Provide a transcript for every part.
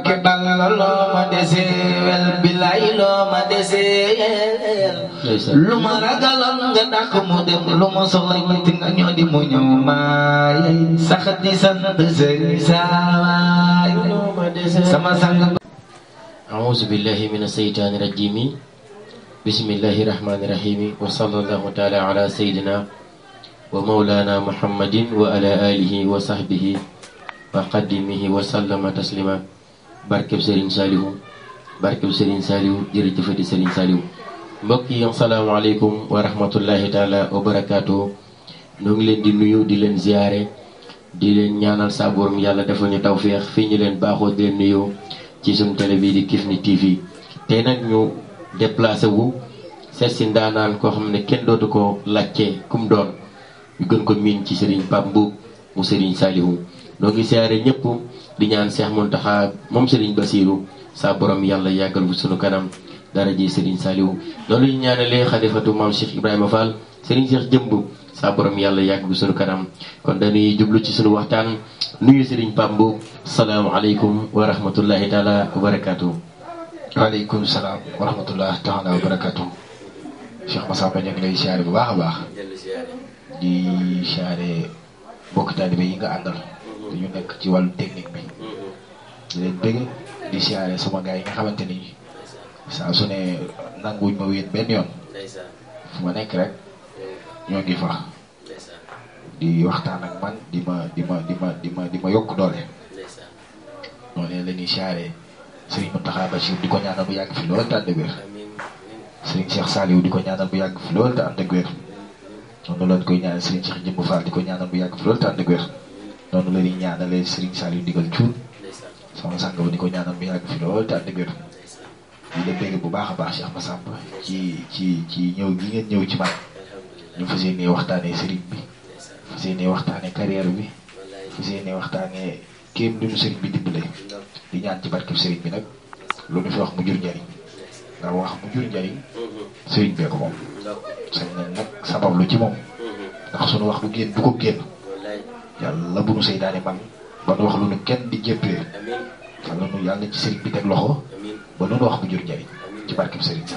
ke balla loo ma deseel bilaay loo ma deseel lu ma ragaloon nga dàq mu dem lu ma soxla metti nga ñoo di mu ñëw maay sax di sant sëriñ saawaay sama sang auzu billahi min aseytaani rajimi bismillahi rahmaani rahimi wa sallallahu taala ala sayidina wa mawlana muhammadin wa ala alihi wa sahbihi wa qadimihi wa sallama taslima barkeb Serigne Saliou barkeb Serigne Saliou jërëjëfati Serigne Saliou mbokk yi asalaamaaleykum wa rahmatullahi taala wa barakaatu ñoo ngi leen di nuyu di leen ziare di leen ñaanal saa borom yàlla dafa ñu tawféex fii ñu leen baaxoo di leen nuyu ci suñu télé bii di Kifne TV tey nag ñu déplacé wu seet si ndaanaan koo xam ne kenn dootu ko laajte kum doon ñu gën ko miin ci Serigne Pape Mboup mu Serigne Saliou ñoo ngi ziare ñëpp. di ñaan cheikh muntaha mom serigne basirou sa borom yalla yagal bu sunu kanam dara ji serigne saliw loolu ñu ñaanale khalifatu mam cheikh ibrahima fall serigne cheikh jëmb sa borom yalla yag bu sunu kanam kon dañuy jublu ci sunu waxtaan nuyu serigne pambo alaykum wa rahmatullahi taala wa barakatuh alaykum salaam wa rahmatullahi taala wa barakatuh cheikh massa ñu ngi lay ziaré bu baax baax di ziaré bokk talibé yi nga andal li ñu nekk ci wàllu technique bi di leen bëgg mm-hmm. di siyaare sama gars yi nga xamante ni saa su ne nanguñ ma wéet benn yoon fu ma nekk rek ñoo ngi fa di waxtaan ak man di ma di ma di ma di ma di ma yokk doole noonu la ñuy siyaare Serigne Mountakha Bachir di ko ñaanal bu yàgg fi lool te ànd wér Cheikh Saliou di ko ñaanal bu yàgg fi lool te ànd ak wér noonu lañ koy Cheikh Fall di ko ñaanal bu yàgg fi te wér noonu la ñuy ñaanalee Serigne Saliou Ndigal Thioune sama sang ba di ko ñaanal bi yàgg fi lool te ànd ak yéen di la bëgg bu baax a baax Cheikh Massamba ci ci ci ñëw gi ngeen ñëw ci man ñu fas yéenee waxtaanee Serigne bi fas yéenee waxtaanee bi fas yéenee waxtaanee kéem lu ñu Serigne bi dimbale di ñaan ci barkeb Serigne bi nag lu ñu fi wax mu jur njariñ ndax wax mu jur njariñ Serigne bee ko moom. sañ nañ sabab lu ci moom mhm. ndax sunu wax bu génn du ko génn. yalla bu nu seydane ban ba wax lu nu kenn di jéppee yalla nu yalla ci serigne bi tek loxo ba lu nu wax bu jur njariñ ci barkeb serigne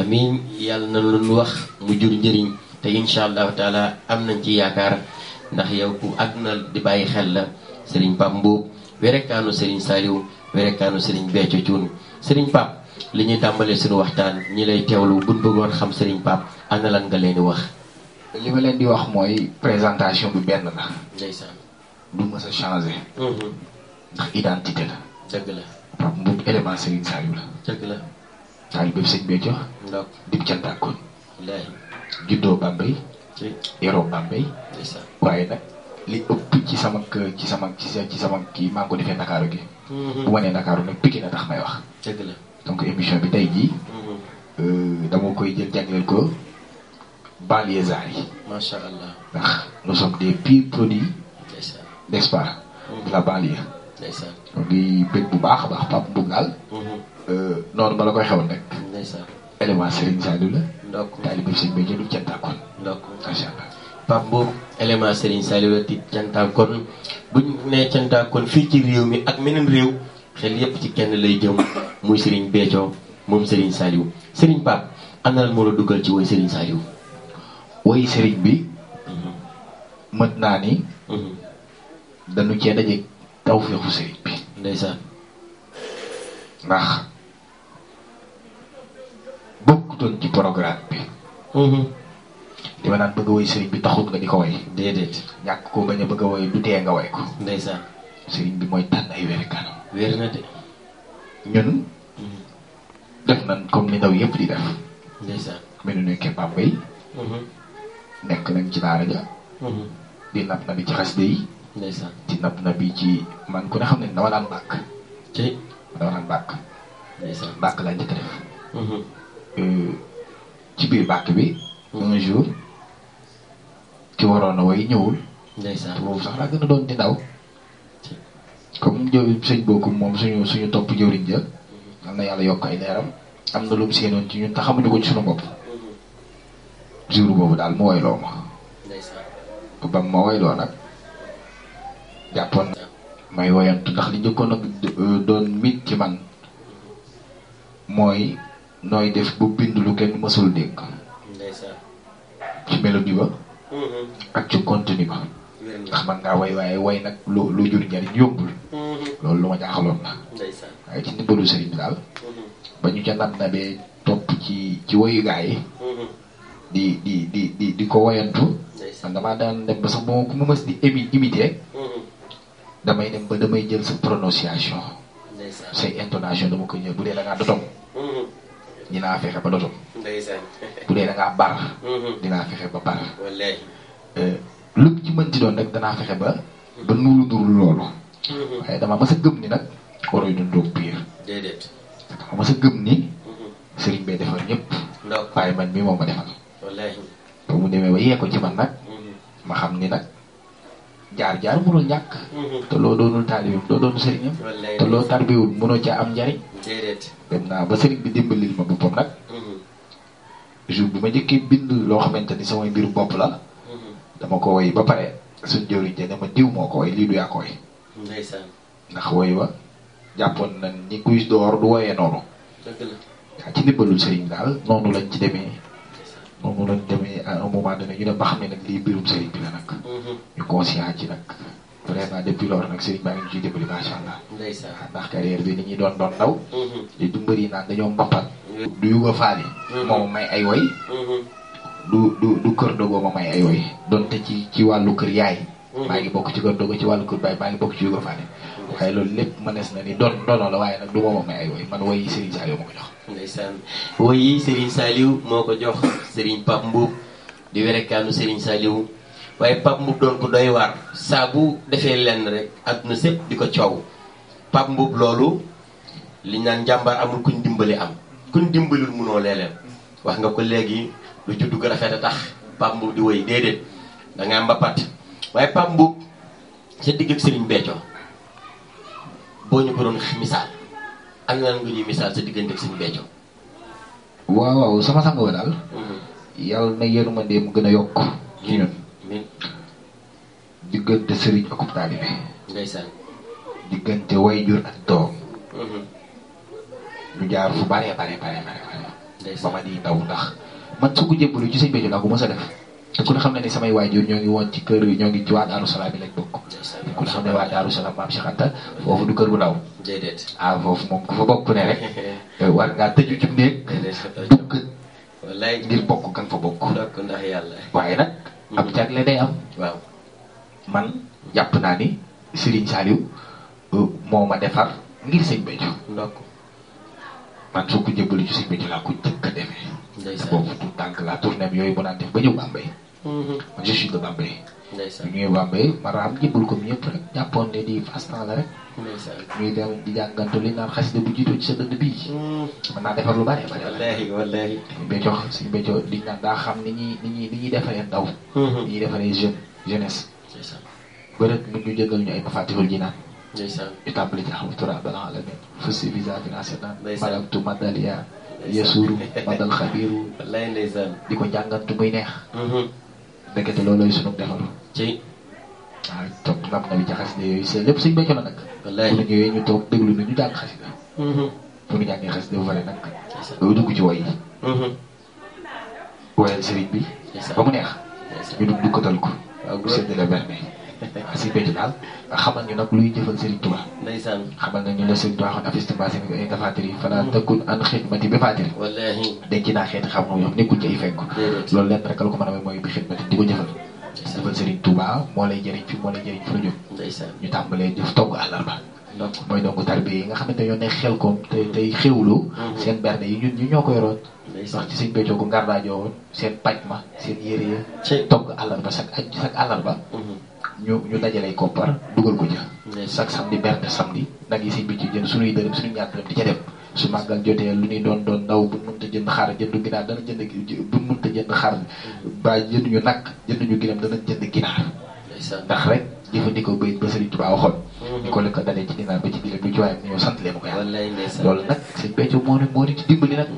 amin yalla na lu nu wax mu jur njëriñ te inshallah taala am nañ ci yaakar ndax yow ku agnal di bayyi xel la sëriñ Pap Mbuub werekaanu sëriñ Saaliw werekaanu serigne beccu ciun serigne Pap li ñuy seruah suñu waxtaan ñi lay tewlu buñ bëggoon xam serigne Pap ana lan nga leen wax li ma leen di wax mooy présentation bi benn la. ndeysaan. du mës a changé. Mhm. ndax identité la. dëgg la. Pape Mboup élément Serigne Saliou la. dëgg bépp sëñ Béthio. dib cantaakon. wallaahi. juddoo Bambey. ci yoroo waaye nag li ëpp ci sama ci sama ci sama kii maa ngi ko defee Ndakaaru gi. Mhm. bu ma nee Ndakaaru nag Pikine tax may wax. dëgg la donc émission bi tey jii. Mhm. Euh, dama koy jël jagleel ko. banlieusards yi. macha allah ndax nous sommes des pires produits. n'est-ce la banlieue. ndeysaan ngi bu baax a baax Pape Mbougal. Mhm. Euh, noonu ba la koy xewoon rek. ndeysaan Serigne Saliou la. ndokk taalibe Serigne Béthio du cantaakon. ndokk macha allah. boobu élément Serigne Saliou la di cantaakon bu ñu nee cantaakon fii ci réew mi ak meneen réew xel yépp ci kenn lay jëm muy Serigne Béthio moom Serigne Saliou Serigne Pape am na lan moo la dugal ci woy Serigne Saliou. woy serigne bi mat naa ni dañu dajé iya tawfiq fu serigne bi ndaysan ndeysaan bokku ton ci programme bi di ma naan bëgg woy sëriñ bi taxut nga di ko woy déedéet ñàkk ko bañ a bëgg a woy du tee nga woy ko ndeysaan sëriñ bi mooy tànn ay wéri kanam wér na de ñun def nañ comme ni ndaw yépp di def ndeysaan menu ne kebab bay nekk nañ ci daara ja mm-hmm. di napp na bi ci xasde yi ndeysaan di napp na ci man ku ne xam ne dama daan bàkk ci dama daan bàkk ndeysaan bàkk laa njëkk def mm-hmm. euh, biir bàkk bi mm-hmm. un jour ki waroon ñëwul ndeysaan boobu sax laa doon di ndaw comme jëw sëñ bokkum moom suñu suñu topp jëwriñ ja am na yàlla yokk ay leeram am na lu mu seenoon ci ñun te xamuñu ko ci suñu bopp jour boobu daal mu woyloo ma ba ma woyloo nag jàppoon may woyantu ndax li njëkkoon nag euh, doon mit ci man mooy nooy def bu bind lu kenn mësul dégg ci mélodie ba mm-hmm. ak ci contenu ba ndax man ngaa way waaye woy nag lu lu jur njariñ yombul mm-hmm. loolu lu ma jaaxaloon la waaye ci ndimbalu sëriñ bi daal mm-hmm. ba ñu ca nab nabee topp ci ci woyu yi di di di di di ko woyantu. man damaa daal dem ba sax bu ma mës di émi mm-hmm. damay dem ba damay jël sa prononciation. say intonation dama koy ñëw bu dee da dotom. Mm-hmm. dinaa fexe ba dotom. bu dee da bar. Mm-hmm. dinaa fexe ba bar. Euh, lu ci danaa fexe ba. ba nuuru nuuru loolu. waaye dama mës a gëm ni nag warooy dundoo pire. déedéet. dama mës a gëm ni. sëriñ bee defar ñëpp. waaye man mii moo ma defal. wallaahi mu demee ba yee ko ci man nag mhm. ma xam ni nag jaar jaar mënul ñàkk mhm. te loo doonul taalibam doo doon sëriñam te loo tarbiwul mënoo ca am njariñ dem naa ba sëriñ bi dimbalil ma boppam nag mhm. jour bi ma njëkkee bind loo xamante ni samay mbiru bopp la dama ko woy ba pare suñ jëriñ jëne ma diw moo ko woy lii du yaa ko ndax woy wa jàppoon na ni kuy door du woyee noonu waa ci ndimbalul sëriñ daal noonu lañ ci demee moom mu doon demee à un moment ñu dem ba xam ne nag lii biirum sëriñ bi la nag. Mhm. ñu conscient ci nag. vraiment de loolu nag sëriñ baa ngi ci dimbali macha allah. ndeysaan ah, ndax carrière bi ni doon doon daw. li du mbëri naan dañoo mbappal. du yu ko faale. Mhm. moom may ay woy. Mhm. du du du kër dogo ma may ay woy. donte ci ci wàllu kër yaay. maa ngi bokk ci kër dogo ci wàllu kër baay maa ngi bokk ci yu faale. waaye loolu lepp manes na ni don don la waye nak duma ma ay way man way Serigne Saliou moko jox. ndeysaan way yi Serigne Saliou moko jox Serigne pap mbou di wéré kanu Serigne Saliou waye pap mbou don ko doy war sa bu defee lenn rek àdduna sépp di ko coow Pape Mboup loolu li naan jambar amul kuñ dimbali am kuñ dimbalul mëno leeleel wax nga ko légui lu juddu ko rafet a tax pap mbou di way déedéet da nga mbapat waye pap mbou ci digg Serigne Béthio boo ñu ko doon misaal ak naan nga ñuy misaal sa diggante ak suñu béykat. waaw waaw sama sang ba daal. Mhm. yàlla na yërmande mu gën a yokk ci ñun. diggante sëriñ ak taalibe. ndeysaan. diggante wayjur ak doom. ñu mhm. jaar fu bare bare bare bare. ndeysaan ma di ndaw ndax man su ko jébbalu ci sëñ béykat laa ko mos a def. te ku ne xam ne ni samay waajur ñoo ngi woon ci kër ñoo ngi ci waa Daaru Salaam bi lañ bokk ku ne ne waa Daaru Salaam maam kër bu ndaw déedéet ah ku fa bokk ne rek war ngaa tëju ci waaye nag am mm-hmm. jagle day am man jàpp naa ni Serigne Saliou euh, moo ma defar ngir sëñ Béthio man soo ko jébbalu ci sëñ Béthio laa ko jëkk a boobu tout tànk la tournée yooyu mu naan def ba ñëw Bambey man je suis de Bambey. ndeysaan ñuy Bambey maanaam jëmbal ko ñëpp rek jàppoon ne di fastan la rek. ndeysaan ñuy dem di jàngantu li naan xasida bu jiitu ci sa dënd bii. Mm. mën naa defar lu bari bari. wallaahi wallaahi. suñu béccoo suñu béccoo di naan daa xam ni ñuy ni ñuy ni ñuy defaree ndaw. Mm-hmm. ni ñuy defaree jeune jeunesse. ndeysaan mu ñu jëgal ñu ay mafaatihul jinaan. ndeysaan ñu tàmbali ci alhamdulilah balaa si visa financier naan. ndeysaan malaktu madalia. ndeysaan yesuuru madal xabiiru. wallaahi ndeysaan neex. Mm-hmm. nekkati loolooy sunu defal ci ay tok lam na bi ci de yooyu see lépp suñ béykat la nak wallahi bu ñëwee ñu tok déglu ni ñu jàng xasida. bu mm-hmm. ñu jàngee xass de pare nak doo dugg ci woy yi. Mm-hmm. woyal sëriñ bi. ba mu neex. ñu dugg duggatal ko. waaw bu sedd la berne. si béykat daal xamal ñu nag luy jëfal Serigne Touba. ndeysaan xamal nañu ne Serigne Touba xam afistema seen ay tafaatiri fanaa tëkkun mm-hmm. an xidmati bi faatiri. wallaahi denc naa xeeti xam moom ñoom nekkul ci ay fekk. loolu lenn rek la ko mën a may mooy bi xidmati di ko jëfal. jëfal Serigne Touba moo lay jëriñ fi moo lay jëriñ fa la jóg. ndeysaan ñu tàmbalee jëf togg àllarba. donc mooy donc tarbiya yi nga xamante ne ñoo ne xel koom te mm-hmm. tey xewlu. Mm-hmm. seen berne yi ñun ñu ñoo ko yoroon. sax ci sëñ Béthio gu ngar daa joowoon seen paj ma seen yére ya. togg àllarba chaque chaque àllarba. ñu ñu dajalé koppar dugal ko ja iya. sak samedi berde samedi nag yi sëñ bi suñuy dërëm suñu ñaar di ca dem su màggal jotee ya, lu ñuy doon doon ndaw bu mënta jënd xaar jënd ginaar dana jënd bu mënta jënd xaar ba jënd ñu nag jënd ñu ginaar dana jënd ginaar ndax rek jëfandikoo bayit ba sëriñ tubaa waxoon ñu hmm. ko lekk dalee ci ginaar ba ci gile du ci waaye ñëw sant leen ko yàlla loolu nag sëñ beccu moo ne moo ne ci dimbali nag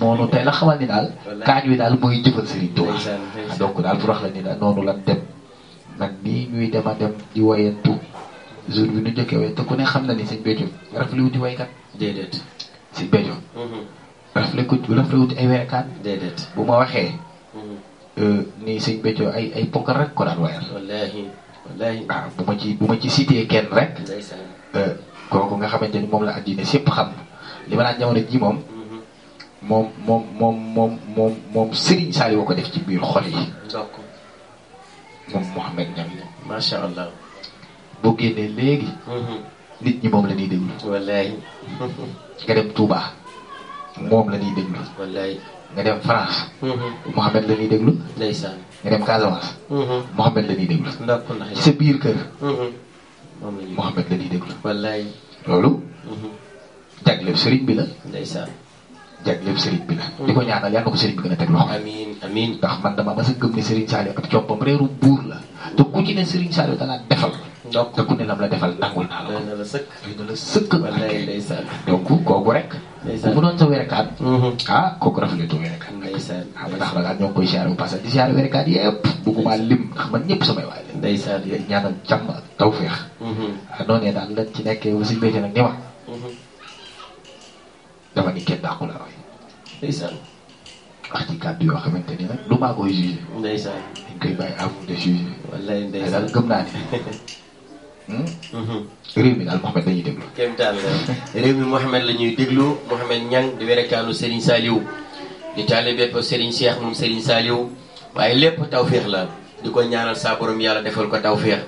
noonu tey la xamal ni daal kaañ wi daal mooy donc bu rax la ni dem nag ñuy dem a dem di woyantu jour bi nu njëkkee woy te ku ne xam na ni sëñ Béthio rafetlu wuti waykat. déedéet. sëñ Béthio. Mhm. rafetlu ko rafetlu wuti ay waykat. déedéet bu ma waxee. Mhm. Euh, nii sëñ Béthio ay ay ponkal rek ko daan wayal. wallaahi wallaahi. ah bu ma ci bu ma kenn rek. ndeysaan. Euh, kooku nga xamante ni moom la àddina sépp xam li ma naan jamono ji moom. Mhm. moom moom moom moom moom moom Serigne ko def ci biir xol yi. moom Mouhamed Niang. macha allah. boo génnee léegi. Mm-hmm. nit ñi moom la ñuy déglu. wallaay. nga dem Touba. moom la ñuy déglu. wallaay. nga dem France. Mm-hmm. Mouhamed la ñuy déglu. ndeysaan. nga dem Casamance. Mm-hmm. Mouhamed la ñuy déglu. sa biir kër. moom la ñuy déglu Mouhamed la ñuy déglu. bi la. ndeysaan. jagleeb sëriñ bi la. di ko ñaanal yàlla na ko sëriñ bi gën a teg loxo. amiin amiin ndax man dama mas a gëm sëriñ Saliou ak coppam ku ci ku ne lam sa werekaat. Mm-hmm. ah kooku rafetlu werekaat. ndeysaan ah ba tax di siyaare werekaat yëpp. bëgguma lim ndax man ñëpp samay waay la. ndeysaan ñaanal jàmm ak tawféex. Mm-hmm. Ah, daal ci nekkee ba si nag ni ma dama ni kenn dàqu la roy. ndeysaan. wax ci kàddu yoo xamante ni nag du maa koy jugé. ndeysaan dañ gëm naa ni. Hmm? Mm-hmm. réew mi daal Mouhamed la ñuy déglu. kéem taal la réew mi Mouhamed la di werekaanu Serigne Saliou di taale bépp Serigne Cheikh moom Serigne Saliou waaye lépp tawféex la di ko ñaaral saa yàlla defal ko tawféex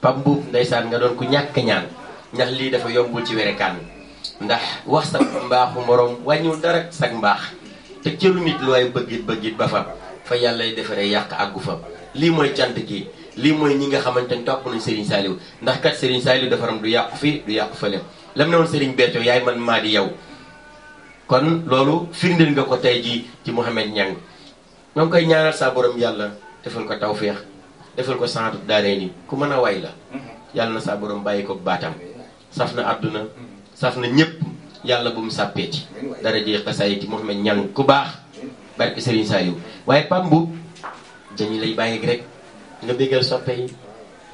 Pape Mboup ndeysaan nga doon ku ñàkk ñaan ndax lii dafa yombul ci werekaan. ndax wax sa mbaaxu moroom wàññiwul dara sag mbaax te cëru nit lu waay bëgg bëggit ba fa fa yàllay defaree yàq àggu fa lii mooy cant gi lii mooy ñi nga xamante ni topp nañ Serigne Saliou ndax kat Serigne Saliou defaram du yàqu fii du yàqu fële lam ne woon Serigne Béthio yaay man maa di yow kon loolu firndeel nga ko tey jii ci Mouhamed Niang ñoo ngi koy ñaanal saa yàlla defal ko tawféex defal ko santu daaree ni ku mën a way la mm-hmm. yàlla na saa borom bàyyi ko baatam saxna ñepp yalla bu mu ci dara ji ci mohammed ñang ku baax barke Serigne Saliou waaye pambu dañu lay bàyyi rek nga bégal soppé yi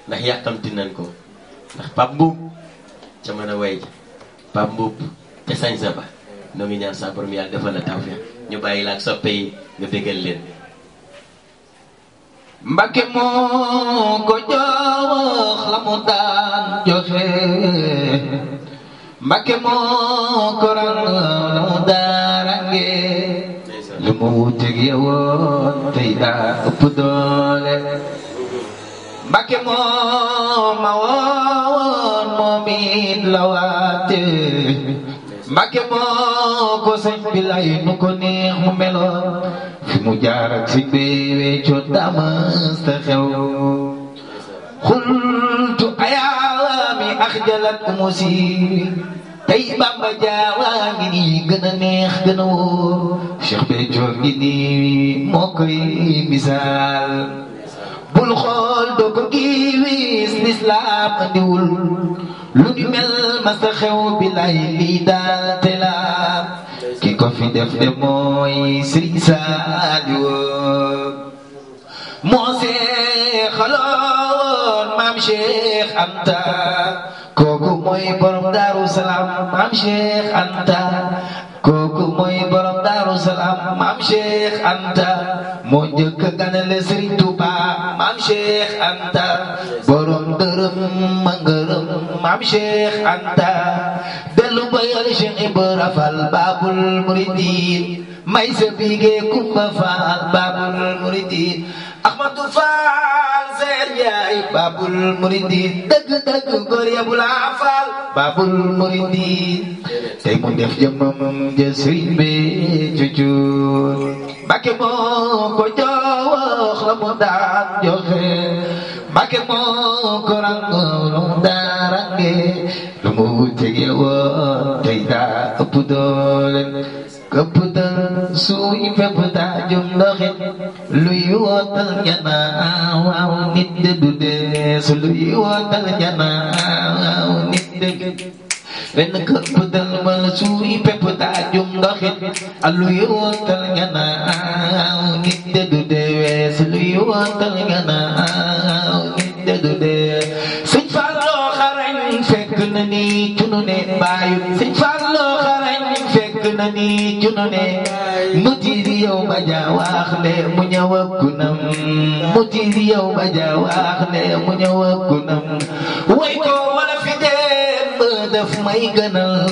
ndax yàkkamti nan ko ndax pambu ca mën way pambu ca sañ sa ba no ngi ñaan sa borom yalla defal la ñu bàyyi la soppé yi nga bégal leen ko jox la daan joxe Mbakke moo ko ràññoo daarange li mu tey daa ëpp doole. Mbakke moo ma woon la waate Mbakke ko sëñ bi lay ko neex mu fi mu jaar si béyee coono amas te jalak musi tey ko lu ñu mel masa xew bi lay lii ki ko fi def de mooy Sëriñ Saaliw moo see xaloon maam Cheikh Anta mooy borom daaru salaam maam Cheikh Anta kooku mooy borom daaru salaam maam Cheikh Anta moo njëkk a ganale Serigne Touba maam Cheikh Anta borom dërëm mangërëm maam Cheikh Anta dellu bayal Cheikh Ibra Fall Babul Mouridine may sa bigee Kumba Fall Babul Mouridine Ahmadou Fall Seer Njaay babul muridi dëgg dëgg góor ya bu laa faal babul muridi tey mu def jëmmam ja sëriñ bi cucuut Mbàkke moo ko la mu daan joxe Mbàkke moo ko rang lu mu daan range lu mu këpp dal suuy fépp taajum ndoxit luy wootal janaaw waaw nit de du dees luy wootal janaaw waaw nit de wenn këpp dal mal suuy fépp taajum ndoxit luy wootal janaaw nit de du dees luy wootal junani junane mutiri yow ba jawaax ne mu ñëw ak kunam mutiri yow ba jawaax ne mu ñëw ak kunam way ko wala fi dem daf may gënal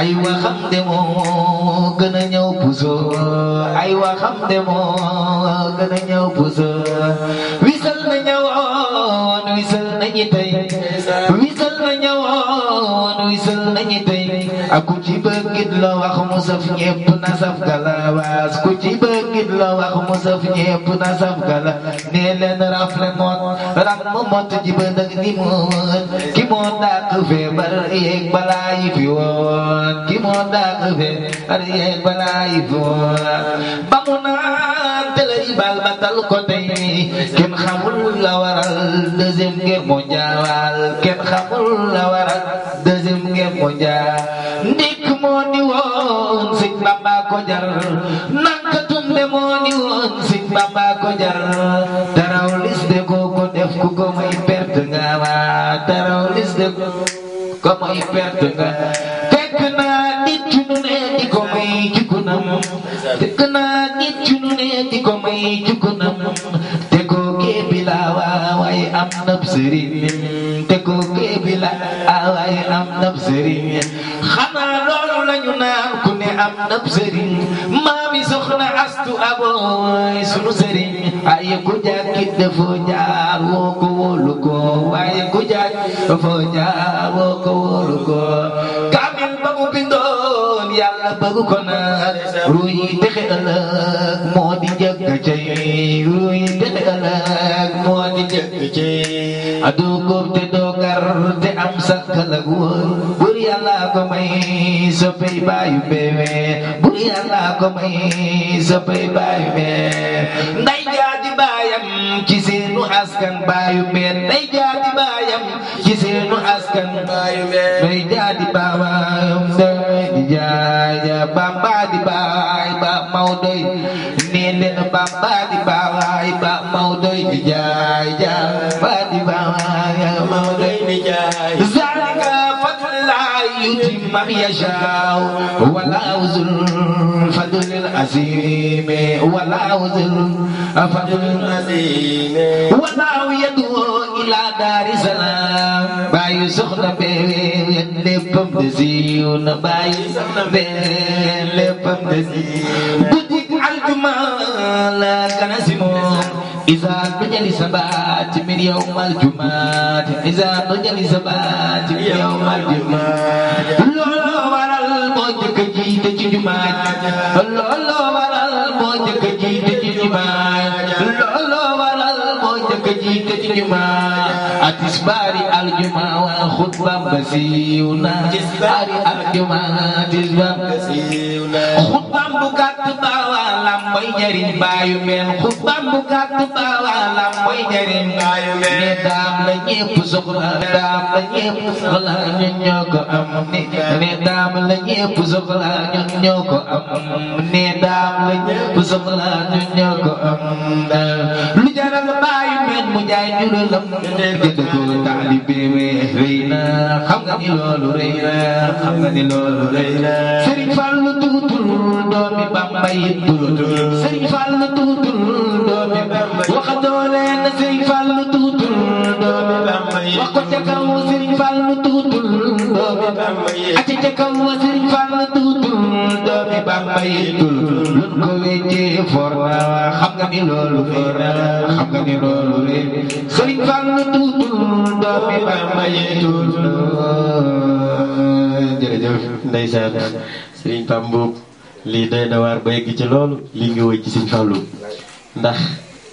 ay waxam de moo gën a ñëw puso ay waxam de moo gën a ñëw puso wisal na ñëwoon wisal nañu tey wisal na ñëwoon wisal nañu tey ak ku ci bëggit la wax mu na saf galawaas ku ci bëggit la wax mu na saf gala nee leen moot rak mu ni moon ki moo dàq feebar yeeg balaa yi fi ki moo dàq feebar yeeg balaa yi fi ba mu naan te ibal batal ko tey kenn xamul la waral deuxième guerre mondiale kenn xamul la waral deuxième guerre ko jar nanka tumbe moo ni woon sëñ bamba ko jar taraw lis de ko def ku ko muy perte nga wa taraw lis de ko muy perte nga fekk naa nit ci di ko muy jukunam fekk naa nit ci nu ne di ko muy jukunam te ko geebi laa waaye am na sëriñ te na sëriñ xanaa loolu lañu naan am nab sëriñ maami soxna astu abooy sunu sëriñ waaye ku jaag kit dafoo jaar woo ko wóolu ku jaag dafoo jaar woo ko kaamil ba mu bindoon yàlla bëgg ko na ruuy texe ëllëg moo di njëkk cay ruuy texe ëllëg moo di sàkk la ko may soppey baayu beewe bur yàlla ko may soppey baayu beewe nday jaati baayam ci seenu askan baayu beewe nday jaati baayam ci seenu askan baayu beewe nday jaati baayam di jaaya bamba di baay ba من يشاء ولا ذو الفضل العظيم ولا ذو الفضل العظيم والله يدعو إلى دار سلام باي سخن بين لبم دزيون باي سخن بين لبم دزيون بدك الجمال كان سمو إذا نجل سبات من يوم الجمعة إذا نجل سبات من يوم الجمعة ci jumaa looloo waral moo njëkk jiite ci jumaa looloo waral moo njëkk jiite ci jumaa atisbaari aljuma wal xutba ba siiw na atisbaari aljuma xutba bu gàtt baaw waalam mooy jariñ baayu meen xutbam bu gàtt baa waalam mooy jariñ baayu meen ne daam la ñépp soxla daam la ñépp soxla ñun ñoo ko am ne daam la ñépp soxla ñun ñoo ko am ne daam la ñépp soxla ñun ñoo ko am jaay juralam dégg ko taalibeem rëy na xam nga ni loolu rëy na xam nga ni loolu rëy na sëriñ Fallu tuutul doomi Bamba yi tuutul sëriñ Fallu tuutul doomi Bamba waxatoo leen sëriñ Fallu tuutul wax ko ca kaw Serigne xam nga ni loolu for xam nga ni loolu rek Serigne Fall mu tuutul doomi Bamba yi jërëjëf ndeysaan Serigne Pape Mboup lii doy na waar ba yegg ci loolu lii ngi woy ci Serigne Fallou ndax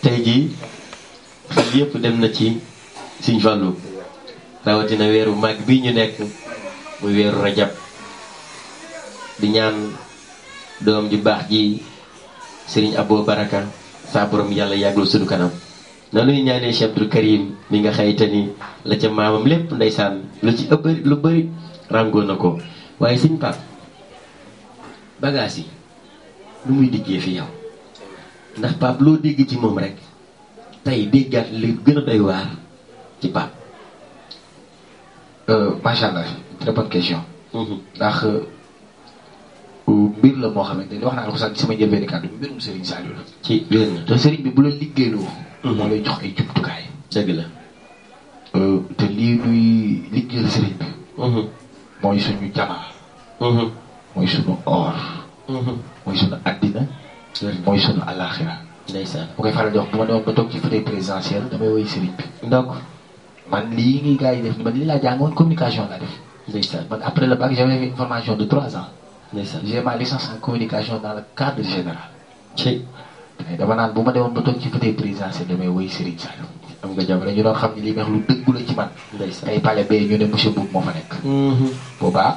tey jii xel yépp dem na ci Sëñ Fallu rawatina weeru mag bi ñu nekk muy weeru rajab di ñaan doom ju baax ji Sëriñ Abo Baraka sa borom yàlla yàggul suñu kanam na nuy ñaanee Cheikh Abdul Karim mi nga xayta ni la ca maamam lépp ndaysaan lu ci ëpp lu bëri ràngoo na ko waaye Pap lu muy diggee fi yow ndax Pap loo dégg ci moom rek tay di gat li gëna a doy waar ci Pape. macha allah très bonne question. ndax mbir la mo xamante ni wax na la ko sànq sama kaddu kàddu mbirum Serigne sallu ci wér na Serigne bi bu la liggéeyloo. mo lay jox ay jumtukaay. dëgg la. euh te li luy liggéel Serigne bi. moy suñu jama hmm moy suñu or. hmm moy suñu adina moy suñu alakhirah ndeysaan bu koy faral di wax bu ma demoon ba toog ci fauteuil présidentiel damay woy sëriñ bi. donc man lii ngi yi def man jàngoon communication laa def. ndeysaan après le bac j'avais une formation de trois ans. ndeysaan ma licence communication dans le cadre général. ci dama naan bu ma demoon ci fauteuil présidentiel damay woy sëriñ Saliou. am nga jàmm ñu doon xam ne nga lu dëggu la ci man. ndeysaan tey pale bee ñu ne monsieur Mboup moo fa nekk. Mm-hmm. boobaa.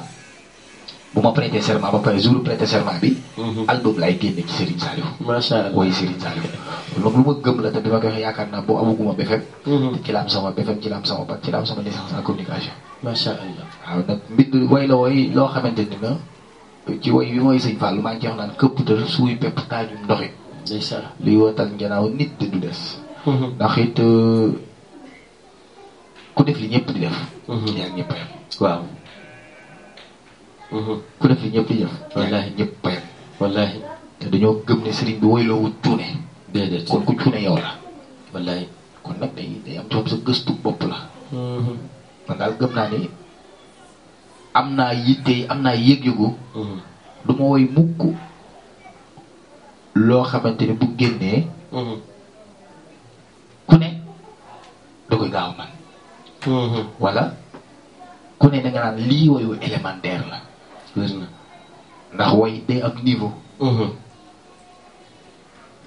buma ma prêté e serment ba paré jour e prêté e serment bi album lay génne ci Serigne salif ma sha Allah woy Serigne salif loolu lu ma gëm la té dama ma koy na naa amu guma BFM ci la am sama BFM ci la am sama bac ci la am sama licence en communication ma sha Allah aw ah, nag mbind way la way lo xamanteni na ci way bi moy serigne Fall ma ngi wax nan kepp dër suuy pepp taajum ndoxi ndeysaan li wotal ngenaaw nit du dess ndax it ku def li ñepp di def yaa ñëpp eh. waaw Mm-hmm. ku def li ñëpp di def wallaahi ñëpp payam te dañoo gëm ne sëriñ bi woy loowu cuune déedéet kon ku cuune yow la wallaahi kon nag day day am sa gëstu bopp la mm-hmm. man daal gëm naa ni am naa yitte am naa yëg-yëgu mm-hmm. du woy mukk loo xamante ni bu génnee ku ne da koy gaaw man wala ku ne da nga naan lii woyu élémentaire la wér na ndax way day am niveau.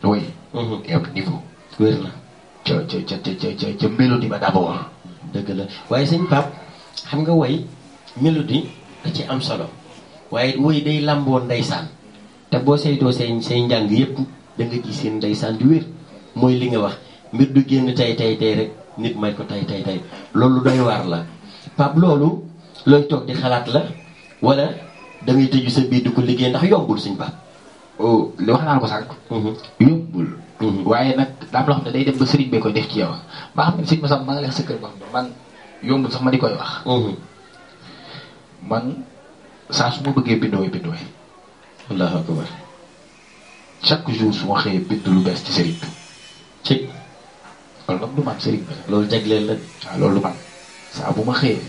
way. day am niveau. wér na ca ca ca ca ca ca mélodie ba d'abord. dëgg la waaye sëñ Pape xam nga way mélodie da ci am solo waaye way day làmboo ndeysaan te boo saytoo say say njàng yépp da nga gis seen ndeysaan di wér mooy li nga wax mbir du génn tey tey tey rek nit may ko tey tey tey loolu doy waar la Pape loolu looy toog di xalaat la wala. da ngay tëju sa biir di ko liggéey ndax yombul suñ ba oh li wax naa ko sànq. Mhm. yombul. Mhm. waaye nag daam loo xam ne day dem ba sëriñ bee koy def ci yow ba xam ne sëriñ Moussa ngi lay sa kër ba man yombul sax ma di koy wax. Mhm. man saa su ma bëggee bindooy bindooy. allahu akbar chaque jour su ma xëyee bind bees ci sëriñ ci loolu nag du man sëriñ bi. loolu jagleel la. waaw loolu man saa bu ma xëyee.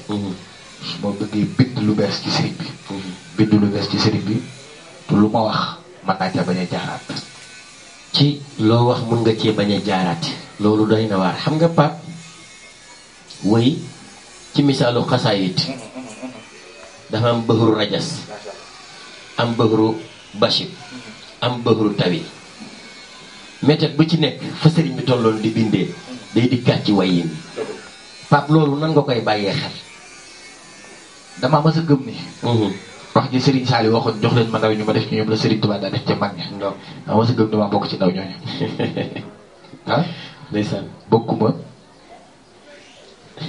mo bëggee bind lu seribu ci sëriñ bi pour bind lu bees ci sëriñ bi te lu ma wax man naa ca baña jaarat ci lo wax nga ci baña jaarat lolu doy na war xam nga pap way ci misaalu xasaayit dafa am bëhru rajas am bëhru bashib am bëhru tawi metet bu ci nek fa sëriñ bi tollon di dikaci day di gatch wayin pap lolu nan nga koy xel damaa mës a gëm ni. Mhm. wax ji Serigne Saliou waxoon jox leen ma ndaw ñu ma def ci ñoom la Serigne Touba daa def ca mag ña. waaw damaa mës a gëm damaa bokk ci ndaw ñooñu. ah. ndeysaan bokkuma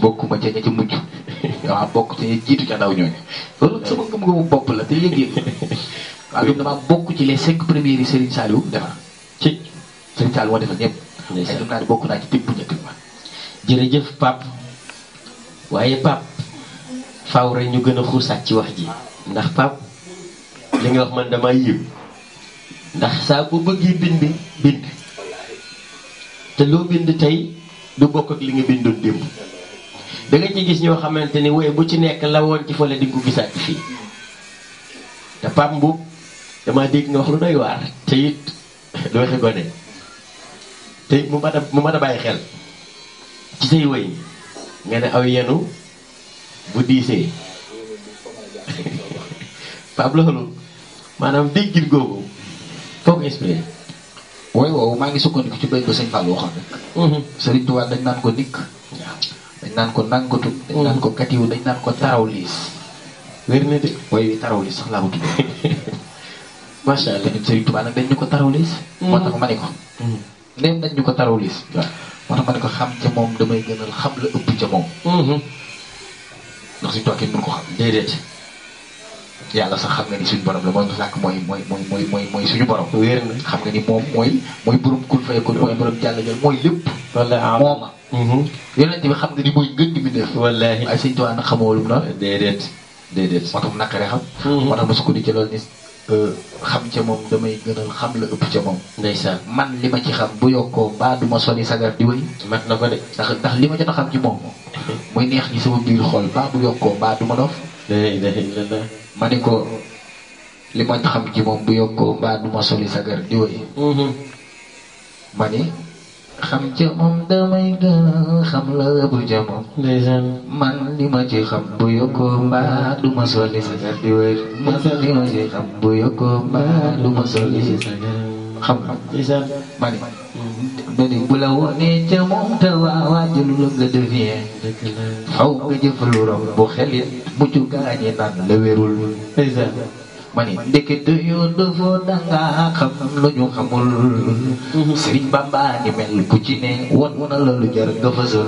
bokkuma ca bokk ca ndaw ñooñu. loolu sama ngëm-ngëmu bopp la te yëg-yëg. waaw damaa bokk ci les cinq premiers yi Serigne Saliou defar. ci Serigne Saliou moo defal ñëpp. ndeysaan ay naa ne bokk naa ci tëb bu njëkk ba. jërëjëf Pape waaye Pape. faaw rek ñu gën a xuusaat ci wax ji ndax pap li nga wax man dama yéem ndax saa bu bëggee bind bind te loo bind tey du bokk ak li nga bindoon démb da ci gis ñoo xamante ni woye bu ci nekk la woon ci fële di nga ko gisaat ci fii te pap mbub dama dégg nga wax lu doy waar te it du waxe gone te mu mat a mu mat a bàyyi xel ci say woy nga ne aw yenu Budi sih, Pablo lu mana déggin googu foog expliqué. wooy woow maa ngi sukkandiku ci béy ba sëñ Fall waxoon rek. Serigne Touba dañ nan ko dikk. dañ naan ko nangatu. dañ naan ko katiw dañ naan ko taraw liis. wér na de wooy wi taraw sax laa ko tudd. macha allah ñun Serigne Touba nag dañ ñu ko taraw ma dañ ma ndax suñu toog kenn mënu ko xam déedéet yàlla sax xam nga ni suñu borom la moom sàkk mooy mooy mooy mooy mooy suñu borom. wér xam nga ni moom mooy mooy borom kun fayakun mooy borom jàll jël mooy lépp. wallaahi mm-hmm. xam nga ni mooy ngën gi mu def. wallaahi ay suñu tubaab nag xamoo lu mu naan. déedéet déedéet. moo tax mu naqaree xam. Mm-hmm. moo tax mu sukkandiku ci loolu nii. Euh, xam ca moom damay gënal xam la ëpp ca moom. ndeysaan man li ma ci xam bu yokkoo mbaa du ma soli sagar di wéy. mat na ko de. ndax ndax li ma jot a xam ci moom. muy neex ci sama biir xol mbaa bu yokkoo mbaa du ma li ma xam ci moom bu yokkoo mbaa ma soli sagar di wéy. Mhm. ma xam ca moom damay gën xam la bu ca moom. man li ci xam bu yokkoo mbaa du ma soli si di wér. man li xam bu yokkoo mbaa du ma sa xam xam. ne. ma ne mm-hmm. bu la wonee ca moom te waa waajal lu la defee. xaw nga jëf lu romb bu xel it mucc gaañi la wérul. ma ne ndekete yoo defoo xam lu ñu xamul mm-hmm. Sëriñ Bamba ni mel ku ci ne won la lu jar nga fësal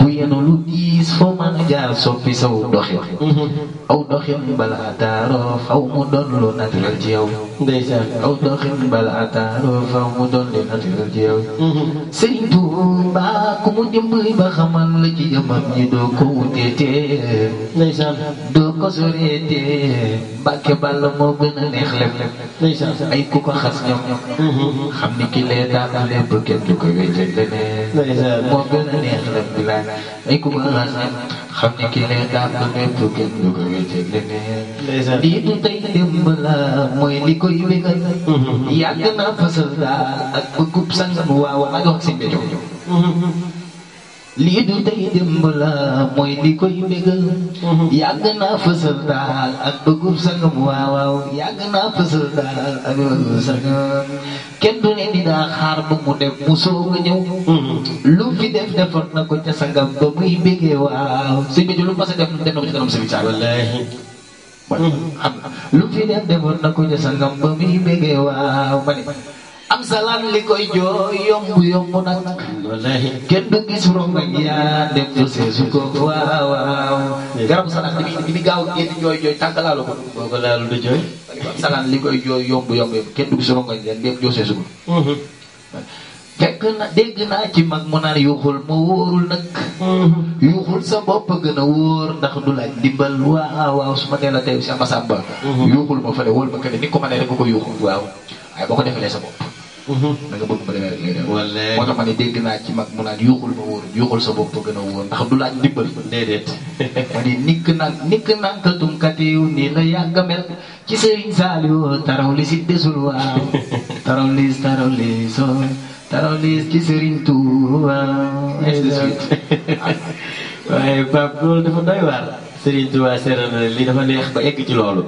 ku yenu lu diis foo mën a jaar soppi saw doxin mm-hmm. aw doxin balaa taaroo faw mu doon lu naturel ci yow ndeysaan aw doxin mm-hmm. ku mu dimbali ba xamal la ci yamam ñi doo ko wuteetee ndeysaan ko soreetee mbàkke bàll moo gën a neex lem lem ay ku ko xas ñoom ñoom mm-hmm. xam ni ki lee daal lépp kenn du ko wéetal leneen moo gën a neex lem bilaay ay ku ko xas ñoom xam ni ki lee daal lépp kenn du ko wéetal leneen lii du tey démb la mooy li koy wégal mm-hmm. yàgg naa fasal daal ak bëggub sang waaw ak wax si mbéjoo mm-hmm. lii du tey démb mooy li koy bégal mhm. yàgg naa fësal daal ak bëggub sangam waaw waaw yàgg naa fësal daal ak bëggub sangam kenn du ne dinaa xaar ba mu def mu soog ñëw mhm. lu fi def defoon na ko ca ba muy bégee waaw sëñ bi lu mas a def na ko ci kanam sëñ bi mhm. lu fi def defoon na ko ca ba muy bégee waaw ma am liko ijo yong buyong yomb yomb nag kenn du gis romb yaa dem ko seesu ko waaw waaw garab salaan ni mi ni gaaw génn jooy jooy tànk laalu ko boo ko laalu du jooy am salaan li koy joo yomb yomb yomb dem joo seesu ko fekk uhuh. na dégg naa ci mag mu naan yuuxul ma wóorul nag uhuh. yuuxul sa bopp gën a wóor ndax du laaj dimbal waaw waaw su ma nee la tey sama sàmba uhuh. yuuxul ma fële wóol ma ni ko ma ko waaw sa da nga bëgg bëri ngay def wala moo tax ma dégg naa ci mag mu naan yuuxul ma wóor yuuxul sa bopp gën a ndax du laaj ndimbal déedéet ma ne nikk nag nikk nag ka tunkatiw nii la yàgg mel ci sëriñ saaliw taraw li desul taraw li taraw li so oh. taraw li ci oh. pap dafa doy li dafa neex ba egg ci loolu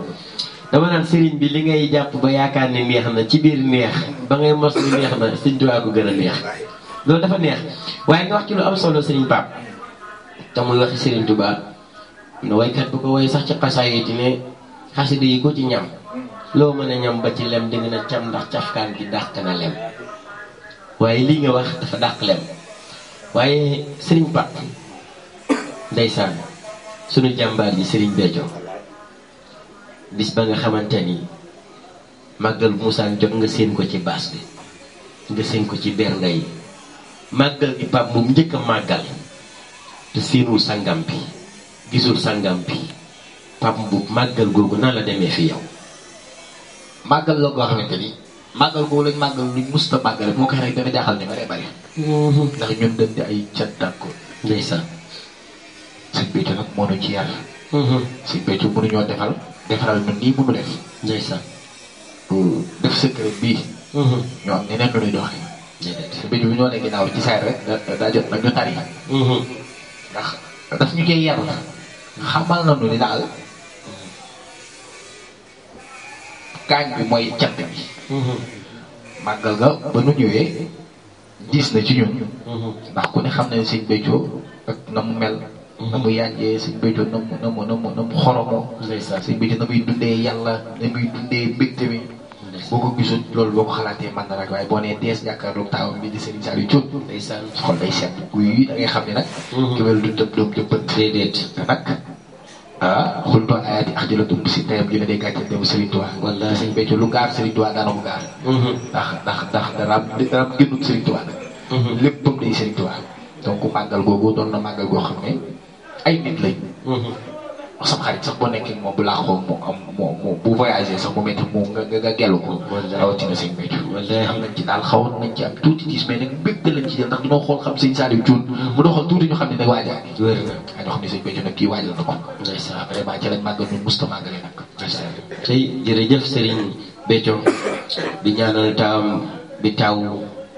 dama nan serigne bi li ngay japp ba yaakaar ni neex na ci bir neex ba ngay mos ni neex na serigne Tuubaa ko gëna neex loolu dafa neex waye nga wax ci lu am solo sëriñ Pape te muy serigne sëriñ no way kat bu ko way sax ci yi ne xasida yi ko ci ñam lo meuna ñam ba ci lem di nga na ndax cafkaan gi dàq na lem waye li nga wax dafa dàq lem waye serigne Pape ndaysan suñu jambar di serigne bejo bis ba nga xamanteni magal màggal musaan nga seen ko ci baas bi nga seen ko ci bernde yi màggal gi pap ndika magal te seenul sangam bi gisul sangam bi pap bu magal gogu nan la demee fi yow magal lo go xamanteni magal màggal lañ magal ni musta magal mo ko rek dana jaxal ni bare bare mhm. ndax ñun dem di ay cantàkko ndeysaan sëñ bi mo do ci yar mhm. sëñ bi ñu defal defaral ko nii mu ko def. ndeysaan. Mm. def sa kër mm-hmm. ñoo am neneen lu ñuy doxee. déedéet te mbir ñoo ne ginnaaw ci saay rek daa jot nag ñu tari. Mm-hmm. ndax daf ñu koy yar la xamal nañu ni daal kaañ bi mooy cant bi. Mm-hmm. màggal ga ba nu ñëwee diis na ci ñun. ndax ku ne xam nañu sëñ Béthio ak na mu mel. na mu yànjee sëñ béytu na mu na mu na mu na mu muy dundee yàlla na muy dundee mbégte mi boo ko gisul loolu boo ko xalaatee mën na nag waaye boo nee dees jàkkaarloog taawam bi di Serigne xol day da ngay du ah xul doon ayaat yi axjala si tayam ju ne day gàccal dem Serigne Touba wala sëñ béytu lu gaar Serigne Touba daana ko gaar ndax mhm. ndax ndax di daraam génnut Serigne Touba nag mhm. léppam day Serigne Touba donc na ay nit lañ. wax mhm. sama xarit sax boo nekkee moom bu laaxoo moom am moo moo bu voyagé sax mu métti moom nga nga gelu ko. rawatina sëñ Béthio. am nañ ci daal xawoon ci am tuuti gis mais nag mbégte lañ ci jël ndax xam sëñ Saliou Thioune. Mhm. mu doon xool tuuti ñu xam ne nag ñoo xam ne sëñ Béthio nag kii waajal na ko. ndeysaan vraiment ci lañ màggal ñun musta màggale nag. ndeysaan tey jërëjëf Serigne di ñaanal taam bi taaw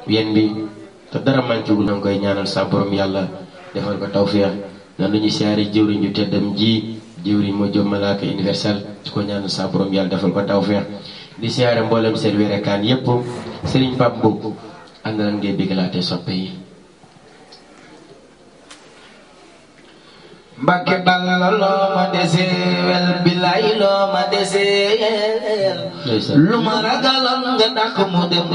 yéen bi te dara manqué wu. koy ñaanal sa yàlla defal ko tawfeex na noonu ñu siyaare jëwriñ ñu teddam ji jëwriñ moo jëm malaaka universel ci ko ñaanu sa borom yàlla defal ko tawfeex di siyaare mboolem seen werekaan yépp Serigne Pape Mboup ànd lan ngay bégalaatee soppe yi Mbakke balla loo ma dese wel bilaay loo ma dese lu ma nga mu dem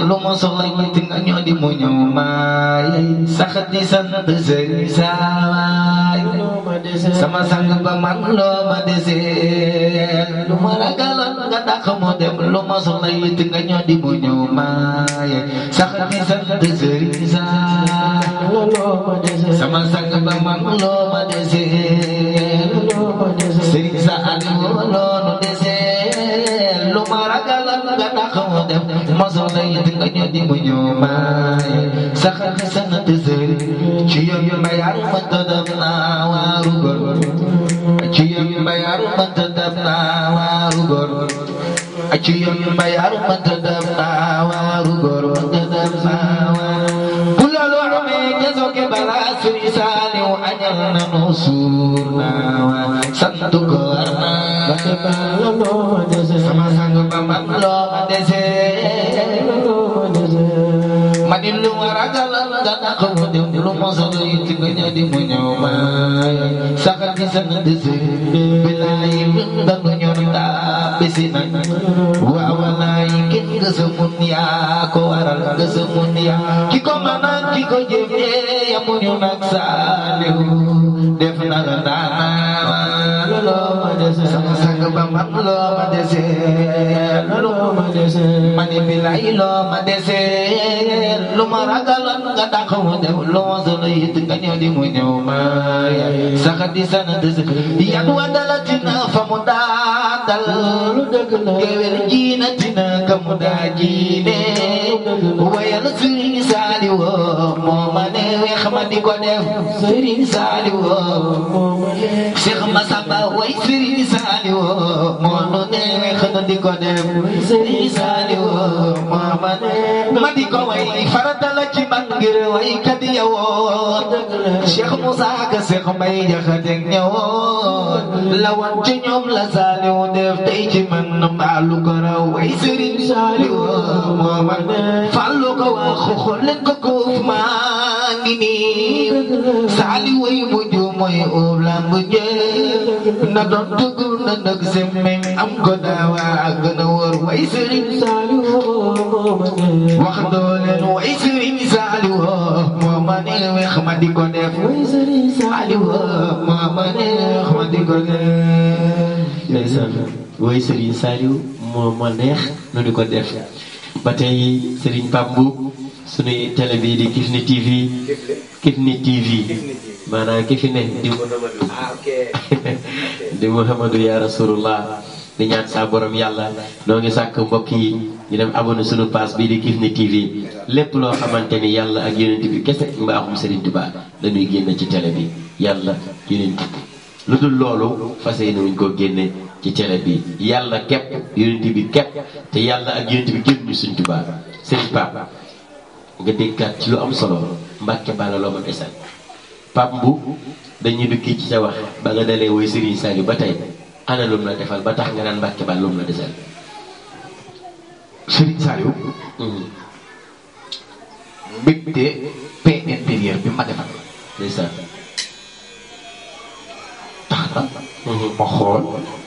di mu ñëw maay saxati sant sëriñ saawaay sama sang ba man loo ma dese lu ma nga mu dem di mu ñëw maay saxati sant sëriñ sama sang ba man sëriñ sa Aliou loolu desee lu ma ragaloon nga taxaw dem mosoo lay it nga ñëw di mu ñëw maay sax sant ci yow yu ma yaaru ma naa waaru góor ci yow yu ma yaaru ma tëddam naa waaru góor ci yow yu ma yaaru ma tëddam na nu suur naa santu ko war naa sama sang Bamba loo ma dese ma di lu ma ragal nga naka mu dem lu ma solo it nga di mu ñëw ma saxal ci sa dese bilaay bi nga nu ñor daa bisi nag gëstu mun yaa ko waral gëstu mun yaa ki ko mën a ki ko jëm yee yamuñu nag Saaliw def na la daanaa loolu ma dese sama sang ba man loo ma dese loolu ma dese man bi lay loo ma dese lu ma ragaloon nga dàq mu def lu ma solo it nga ñëw di mu ñëw ma sax di sant yan wadalatina fa mu daa màggal lu dëgg la géwél ji na dina kamu daa ji ne wayal Sëriñ Saaliw moo ma ne weex ma di ko def Sëriñ Saaliw Cheikh Massamba way Sëriñ Saaliw moo nu ne weex nu di ko def Sëriñ Saaliw moo ma ne ma di ko way farata la ci man ngir way kat yowoon Cheikh Moussa Ka Cheikh May Jaxate ñëwoon la wan ci ñoom la Saaliw def tey ci man mbaalu ko raw way Sëriñ Saaliw moo ma ne fàllu ko waa xoxol leen ko góof maa ngi nii saali way bu juu mooy oo lamb njël na doon dugg na nag semmeñ am ko daawaa gën a wóor way sëriñ saali woo wax doo leen way sëriñ saali woo moo ma neex ma di ko def way sëriñ saali woo moo ma neex ma di ko def ndeysaan way sëriñ saali moo ma neex nu di ko def ba tey Serigne Pape Mboup suñuy tele bii di Kifne TV Kifne TV maanaam ki fi ne di di Mouhamadou ah, ya rasulullah di ñaan saa borom yàlla noo ngi sàkk mbokk yi ñu dem abonné suñu pass bii di Kifne TV lépp loo xamante ni yàlla ak yonent bi kese mbaaxum Serigne Touba dañuy génn ci télé bi yàlla yonent bi lu dul loolu fas yéene wuñ koo génne ci télé bi yalla kep yoonte bi kep te yalla ak yoonte bi génn seigne touba seigne pap nga dekkat ci lu am solo mbacke bala lo ma essal pap mbu dañuy dugg ci sa wax ba nga dalé way seigne sañu batay ana lum la defal ba tax nga nan mbacke bala lum la dessal seigne sañu mm-hmm. mbégte pe intérieure bi ma defal ndeysaan tax na mm-hmm.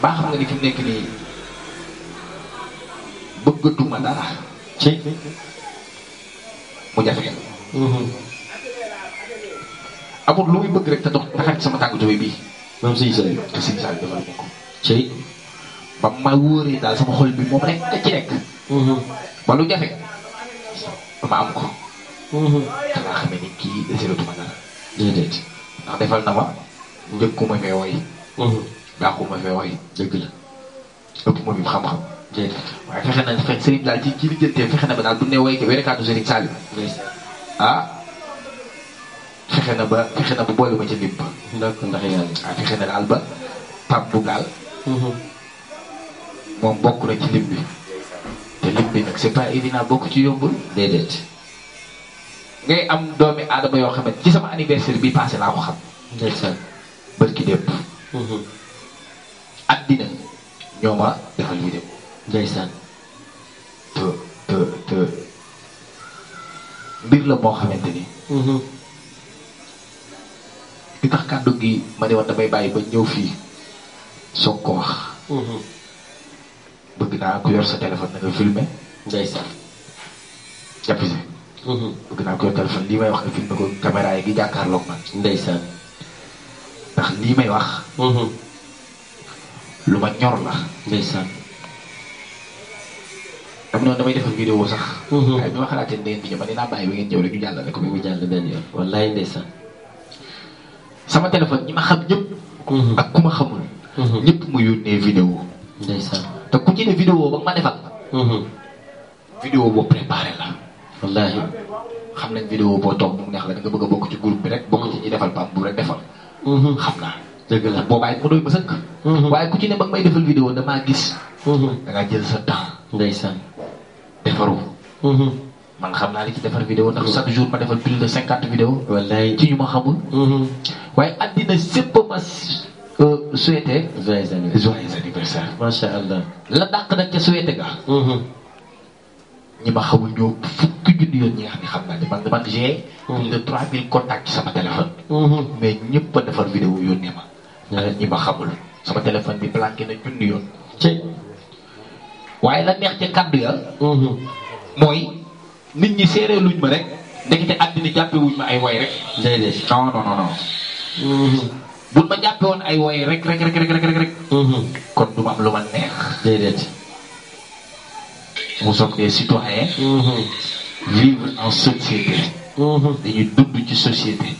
baa xam nga ni fi mu nekk nii bëggatuma dara ci mu jafe mm-hmm. amul lu muy bëgg rek te dox taxat sama tànk jóge te sëñ Saliou defal ma ko ci ba ma wóoree daal sama xol bi moom rek ci nekk mm-hmm. ba lu jafe dama ko mm-hmm. te laa xamee ni kii desiratuma dara ndax defal na ma njëkkuma mee dàquma fee way dëgg la ëpp ma fi xam-xam. waaye fexe ci ci liggéeyam fexe na ba daal bu ne way ah. fexe na ba fexe ba ca lim ndax ndax fexe na daal ba Pape Bougal. Mm-hmm. moom bokk na ci lim bi. te lim bi nag c'est pas évident bokk ci yombul déedéet. ngay am doomi aadama yoo xamante ci sama anniversaire bi passé laa ko xam. ndeysaan bërki dépp. adina ñoo ma defal jaisan tu tu tu bir te mbir la moo ni li tax kàddu gi ma ne woon damay bàyyi ba ñëw fii soog ko wax bëgg naa ku yor sa téléphone nga filmé ndeysaan jàpp si bëgg naa ko yor téléphone lii may wax nga filmé ko caméra yi gi jàkkaarloog man ndeysaan ndax lii may wax lu ma ñor la. ndeysaan. am noonu damay defal vidéo sax. Mhm. waaye bi ma xalaatee ndeen bi ñëw ma ne naa bàyyi ba ngeen ñëw rek ñu jàllale ko. ñu jàll benn yoon wallaay ndeysaan. sama téléphone ñi ma xam ñëpp. Mhm. ak ku ma xamul. Mhm. ñëpp mu yónnee vidéo. ndeysaan te ku ci ne vidéo ba ma defal. vidéo boo toog mu neex la da bëgg a bokk ci group bi rek. bokk ci ñi defal PAM bu rek defal. xam naa. dëgg la boo bàyyi ko doy ma sëkk waaye ku ci ne ba may defal vidéo damaa gis da nga jël sa temps ndeysaan defaru man xam naa li ci defar vidéo ndax chaque jour ma defal plus de cinquante vidéo wallaay ci ñu ma xamul ma souhaité joyeux anniversaire allah la dàq nag souhaité ga ñi ma xamul ñoo fukki junni yoon ñi nga xam man j'ai plus de contacts ci sama téléphone mais mhm. ñëpp defar vidéo ma ñeneen ñi ma xamul sama téléphone bi planqué na junni yoon ci waaye la neex ci kàddu ya mm-hmm. mooy nit ñi séeree luñ ma rek ndekete àddina jàppe wuñ ma ay woy rek déedéet non non non non mm-hmm. buñ ma jàppe ay woy rek rek rek rek rek rek mm-hmm. kon du ma lu ma neex déedéet nous sommes des citoyens vivre en société dañuy dund ci société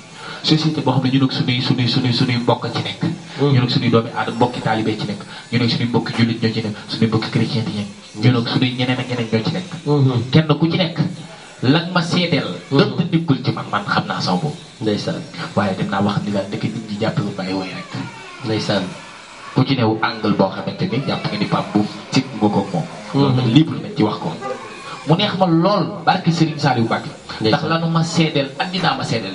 société boo xam ne ñu nag suñuy suñuy suñuy mbokk ci nekk ñun ak suñu doomi aadam mbokki talibé ci nekk ñun ak suñu mbokki julit ñoo ci nekk suñu mbokki chrétien di nekk ñun ak suñu ñeneen ak ñeneen ñoo ci nekk mm-hmm. kenn ku ci nekk lan ma seedel mm-hmm. dëgg dikkul ci man man xam saw boobu ndeysaan waaye dem naa wax ni la ndeke nit ñi jàppe lu may woy rek ndeysaan ku ci new angle boo xamante ni jàpp nga ni pam bu cig nga ko moom loolu mm-hmm. libre nañ ci wax ko mu neex ma lool barke Serigne Saliou Mbacke ndax lanu ma seedel ma seedel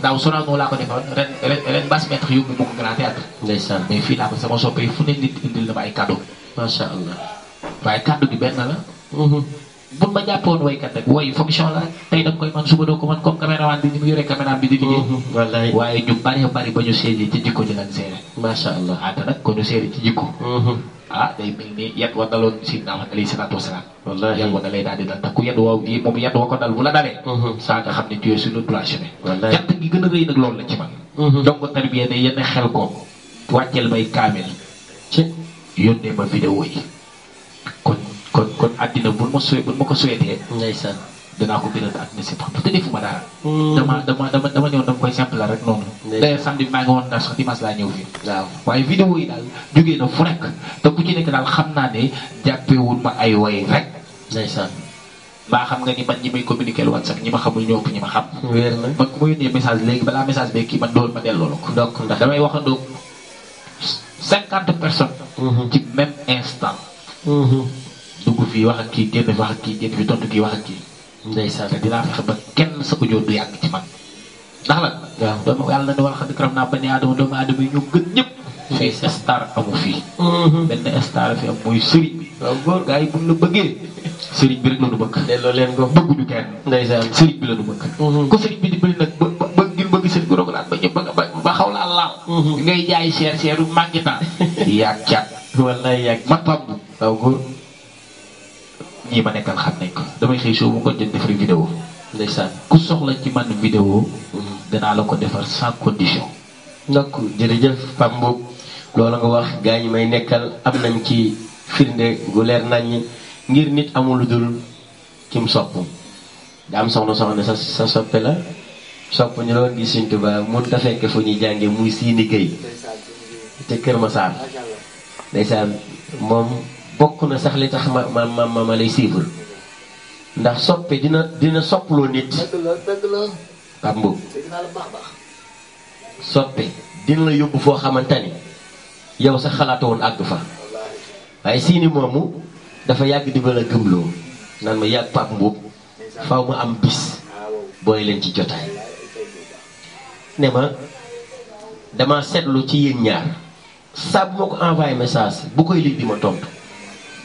daaw Sorano laa ko defoon ren ren ren basse mètre yóbbu ma ko Grand ah. mais fii laa sama soppe fu ne nit indil na ma ay cadeau. allah waaye cadeau gi benn la. buñ banyak pun waykat kata woy fonction la tey da koy man suba doo ko man comme caméraman bi ni mu yore caméra bi di liggéey waaye ñu bari bari ba ñu seede ci jikko ji lañ seede masha allah ata ko ñu seede ci jikko ah day mel ni yat wa daloon si naa alayhi salatu wasalaam wallahi yàlla da lay daal di dal taku ku yat waaw gi moom yat wa ko dal bu la dalee saa nga xam ne tuyee suñu plationné jant gi gën a rëy nag la ci man donc tarbiya ne yenn xel ko wàccel may kaamil ci yónnee ma vidéo yi kon kon addina bu ma suy bu ma ko suyatee. ndeysaan danaa ko biral ba addina si tax te defuma dara. Mm. dama dama dama dama ñëw dama koy simple la rek noonu. ndeysaan samedi laa ñëw fii. waaw waaye vidéo yi daal jógee na fu nekk te ku ci nekk daal xam naa ne jàppewul ma ay way rek. ndeysaan. mbaa xam nga ni man ñi may communiquer lu WhatsApp ñi ma xamul ñoo ko ma xam. wér na man ku ma yónnee message léegi balaa message bee kii man dool ma delloo la ko. donc damay waxandoo dugg fii wax ak kii génn wax ak kii génn fi tontu kii wax ak kii ndeysaan dinaa fexe ba kenn sa ujoon du yàgg ci man ndax la waaw doomu yàlla ne wal xad karam naa bani aadama doomu aadama yi ñoo gën ñëpp fay star amu fi benn star fi am mooy sëriñ bi waaw góor gaa yi buñ la bëggee sëriñ bi rek lañu bëgg delloo leen ko bëgguñu kenn ndeysaan sëriñ bi la lañu bëgg ko sëriñ bi di bëri nag ba ba ngir bëgg sëriñ bi rogalaat ba ñëpp ba ba xaw laa laal ngay jaay cher seer seeru màggitaan yaag caat wallaay ma matam waaw góor ñii ma nekkal xam nañ ko damay xëy show bu ngoon jot defar vidéo ndeysaan ku soxla ci man vidéo danaa la ko defar sans condition ndokk jërëjëf Pape Mboup loola nga wax gaa ñi may nekkal am nañ ci firnde gu leer ngir nit amul lu dul kim sopp da am soxla soxla sa sa soppe la sopp ñu loon gi Sëñ Tuubaa mun ta fekk fu ñuy jànge muy siini géy te Kër Masaar ndeysaan moom bokk na sax li tax ma ma ma ma lay suivre ndax soppe dina dina soppaloo nit. Pape Mboup soppe dina la yóbbu foo xamante ni yow sax xalaatoon àgg fa waaye siini moomu dafa yàgg di bala gëmloo naan ma yàgg Pape Mboup faw ma am bis booy leen ci jotaay ne ma dama seetlu ci yéen ñaar saa bu ko envoyé message bu koy lii di ma tontu.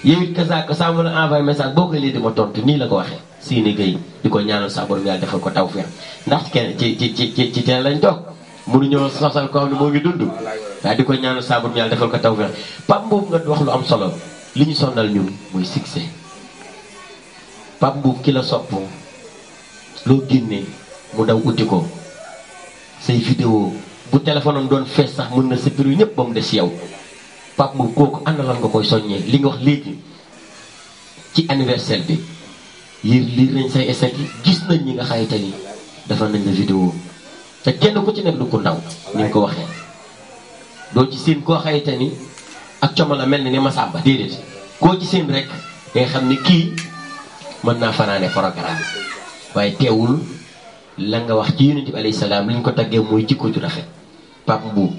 yow it kasaaka saa mën a envoyé message boo koy lii di ma tontu nii la ko waxee Sini Gueye di ko ñaanal sa borom yàlla defal ko tawfeex ndax kenn ci ci ci ci teel lañ toog mënuñoo sosal ko xam ne moo ngi dund waaye di ko ñaanal sa borom yàlla defal ko tawfeex Pape Mboup nga wax lu am solo li ñu sonnal ñun mooy succès Pape Mboup ki la sopp loo génnee mu daw uti ko say vidéo bu téléphone doon fees sax mën na sécuriser ñëpp ba mu des yow. Pape Mbow kooku ànd lan nga koy soññee li nga wax léegi ci anniversaire bi lii lii nañ say essai gis nañ ñi nga xayte ni defal nañ la vidéo te kenn ku ci nekk du ko ndaw ni nga ko waxee doo ci seen koo xayte ni ak coomo la mel ni ne Massamba déedéet koo ci seen rek day xam ni kii mën naa fanaane programme waaye teewul la nga wax ci yonent bi alayhi salaam li ñu ko taggee mooy jikko ju rafet Pape Mbow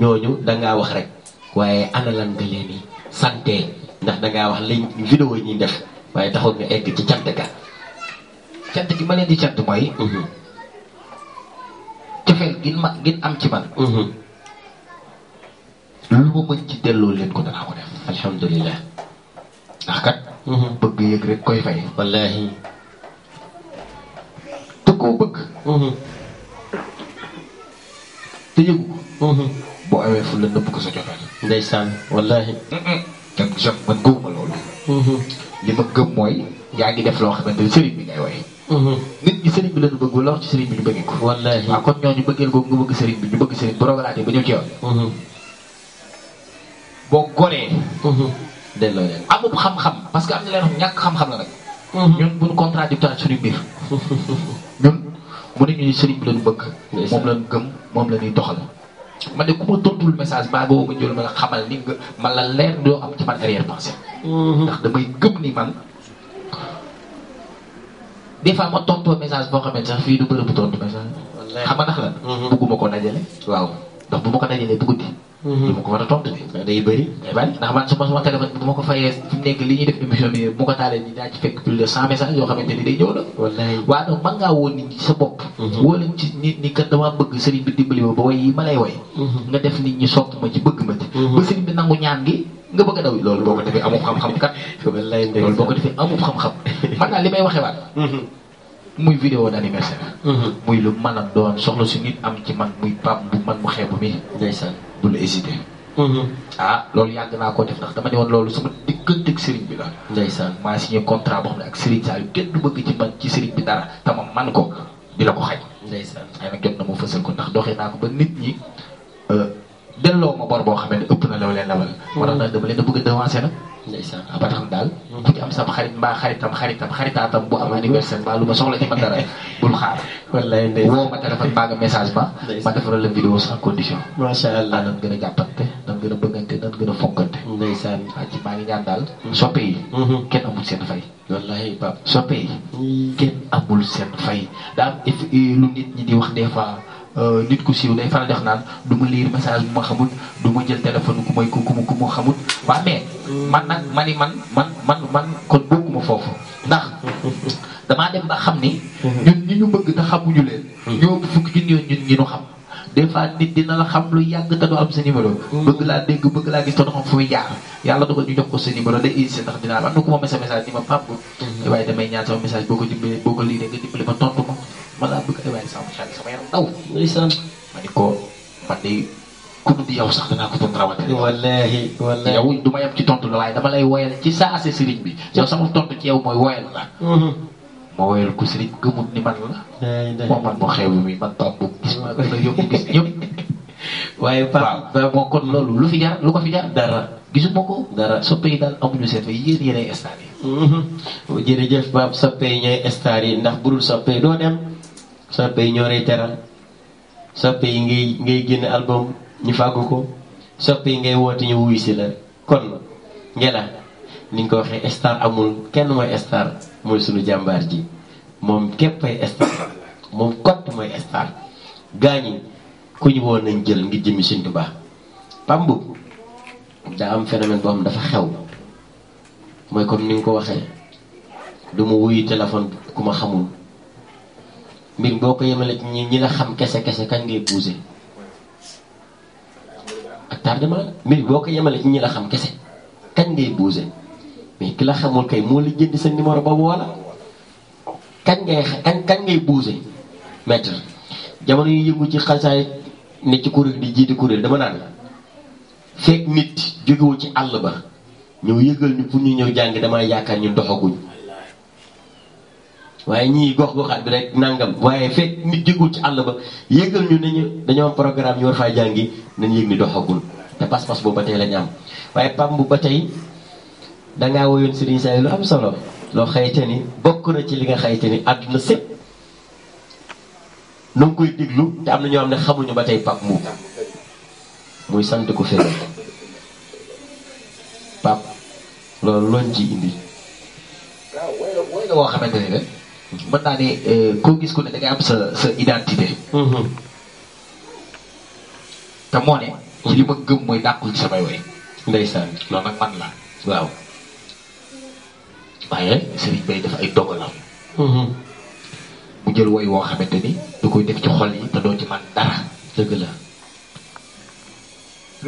ñooñu dangaa wax rek waaye ana lan nga leen sante ndax dangaa wax liñ vidéo yi ñuy def waaye taxul nga egg ci cant ga cant gi ma leen di cant mooy mhm. cofeel gin mag gin am ci man mhm. lu ma mën ci delloo leen ko danaa ko def alhamdulilah ndax mhm. bëgg yëg rek koy fay wallahi te bëgg te yëgu boo amee fu la nëbb ko sa cofeel. ndeysaan wallaahi. donc je man gëmuma loolu. Mm-hmm. li ma gëm mooy yaa ngi def loo xamante ne sëriñ bi ngay way mm-hmm. nit ñi sëriñ bi lañu bëgg wala wax ci sëriñ bi ñu bëggee ko. wallaahi ah, ñu bëgg sëriñ bu ba ñëw ci yoon. Mm-hmm. boo goree. delloo leen parce que am na leen wax ñàkk xam-xam la rek. ñun buñu contradictoire moom lañu la ñuy doxal. man de ku ma tontul message maa boobu ma jël ma la xamal ni nga man la leer doo am ci man arrière mhm. ndax damay gëm ni man. des fois ma tontoo message boo xamante sax fii du bërëb mhm. ko dajale. waaw ndax bu ma ko dajalee bëggu di. Mm-hmm. dama ko war a tontu bi day bëri day bari ndax man suma suma téléphone bi bu ma ko fayee fi nekk li ñuy def émission bi bu ko taalee ni daa ci fekk plus de cent messages yoo xamante ni day ñëw la sa bopp mm-hmm. woo leen ci nit ñi kat damaa bëgg sëriñ bi mm-hmm. gi nga bëgg a daw loolu boo ko defee amul xam boo ko defee amul xam-xam li may waxee waat muy vidéo d'anniversaire muy lu mën a doon soxla su nit am ci man muy pap bu man mu xeebu mi du la hésité. Mm-hmm. ah loolu yàgg naa koo def ndax dama ne woon loolu sama diggante ak sëriñ bi la. ndeysaan maa signé contrat boo xam ne ak sëriñ saa yu kenn du bëgg ci man ci sëriñ bi dara te ma man ko di la ko xaj. ndeysaan ay na jot na ma fësal ko ndax doxee naa ko ba nit ñi. Euh, delo ma bor bo xamee ne ëpp na law leen lawal war na dama leen a bëgg a devancé nag ba tax dal bu ci am sa xarit ba xaritam xaritam xaritatam bu am anniversaire ba luma soxla ci ma dara bul xaar wallahi ndey wo ma téléphone ba nga message ba ma defaral la vidéo sa condition ma sha allah nan gëna a jàppante eh. nan gën bëggante nan gëna a fonkante eh. ndeysaan waa ci ba nga ñaan dal hmm. soppé yi hmm. kenn amul seen fay wallahi bab soppé yi hmm. kenn amul seen fay da am lu nit ñi di wax des fois Euh, nit ku siw day faral def nan duma lire message bu ma xamut duma jël téléphone ku may ku ku ku ma xamul waa mais man nak mani man man man man kon bokkuma fofu ndax dama dem ba xam ni ñun ñi ñu bëgg te xamuñu leen ñoo fukk ci ñoo ñun ñi ñu xam des fois nit dina la xam lu yagg ta do am sa numéro bëgg la dégg bëgg la gis ta do xam fu muy jaar yàlla dogal ñu jox ko sa numéro day indi tax dina la am na ma message message ni ma papu mhm. way damay ñaan sama message boko ko boko li ko liiree nga dimbale ma tontu ko malah bukan yang sama masyari sa mayroong nah, tao islam mani ko mani kuno di yaw sax dana ko tontrawa tele wallahi wallahi yaw du ma yam ci tontu la dama lay woyal ci sa bi jauh sama tontu ci mau moy lah. Mhm. mau ma woyal ko serigne gëmut ni man ya, ya, ya. mau mo mau mo xew mi man tam bu gis ma la yob gis ñep waye pa ba mo kon lolu lu fi jaar lu ko fi jaar dara gisu moko dara soppé dal amuñu sét fay yeen yeen ay jadi jërëjëf bab soppé ñay stade ndax burul soppé do dem soppe yi ñoo lay teral soppe yi ngay ngay génn album ñu fàggu ko soppe yi ngay woote ñu wuyu si la kon ngela ni ñu ko waxee star amul kenn mooy star mooy sunu jàmbaar ji moom moom kott mooy star gaañi ku ñu woon nañ jël ngi jëmmi Sëñ Tuubaa pamb daa am phénomène boo xam dafa xew mooy comme ni nga ko waxee du ma wuyu téléphone ku ma xamul mbir boo ko yemale ci ñi ñi la xam kese kese kañ ngay poussé ak tardement la mbir boo ko yemale ci ñi la xam kese kañ ngay poussé mais ki la xamul kay moo la jënd sa numéro boobu wala kañ ngay kañ kañ ngay poussé maître jamono yu yëgul ci xasaay ne ci kuréel di jiite kuréel dama naan fekk nit jógewul ci àll ba ñëw yëgal ñu pour ñu ñëw jàngi damaa yaakaar ñu doxaguñ waaye ñii gox goxaat bi rek nangam waaye fekk nit jégul ci àll ba yëgal ñu ne ñu dañoo am programme ñu war faa jàngi nañ yëg ni doxagul te pas-pas boobu ba tey la ñu am. waaye PAM bu ba tey dangaa woyoon Serigne Saliou lu am solo loo xayte ni bokk na ci li nga xayte ni àdduna sépp nu ngi koy diglu te am na ñoo xam ne xamuñu ba tey PAM mu muy sant ko fële PAM loolu loñ ci indi. waaw wooy la woo xamante ni rek. mën mhm. naa ne koo gis ku ne da ngay am sa sa identité. te moo ne. ci li ma gëm mooy dàqul ci samay way. ndeysaan loolu nag man la waaw. waaye Serigne Bay def ay dogalam. mu jël woo xamante ni du koy def ci xol yi te doo ci man dara. dëgg la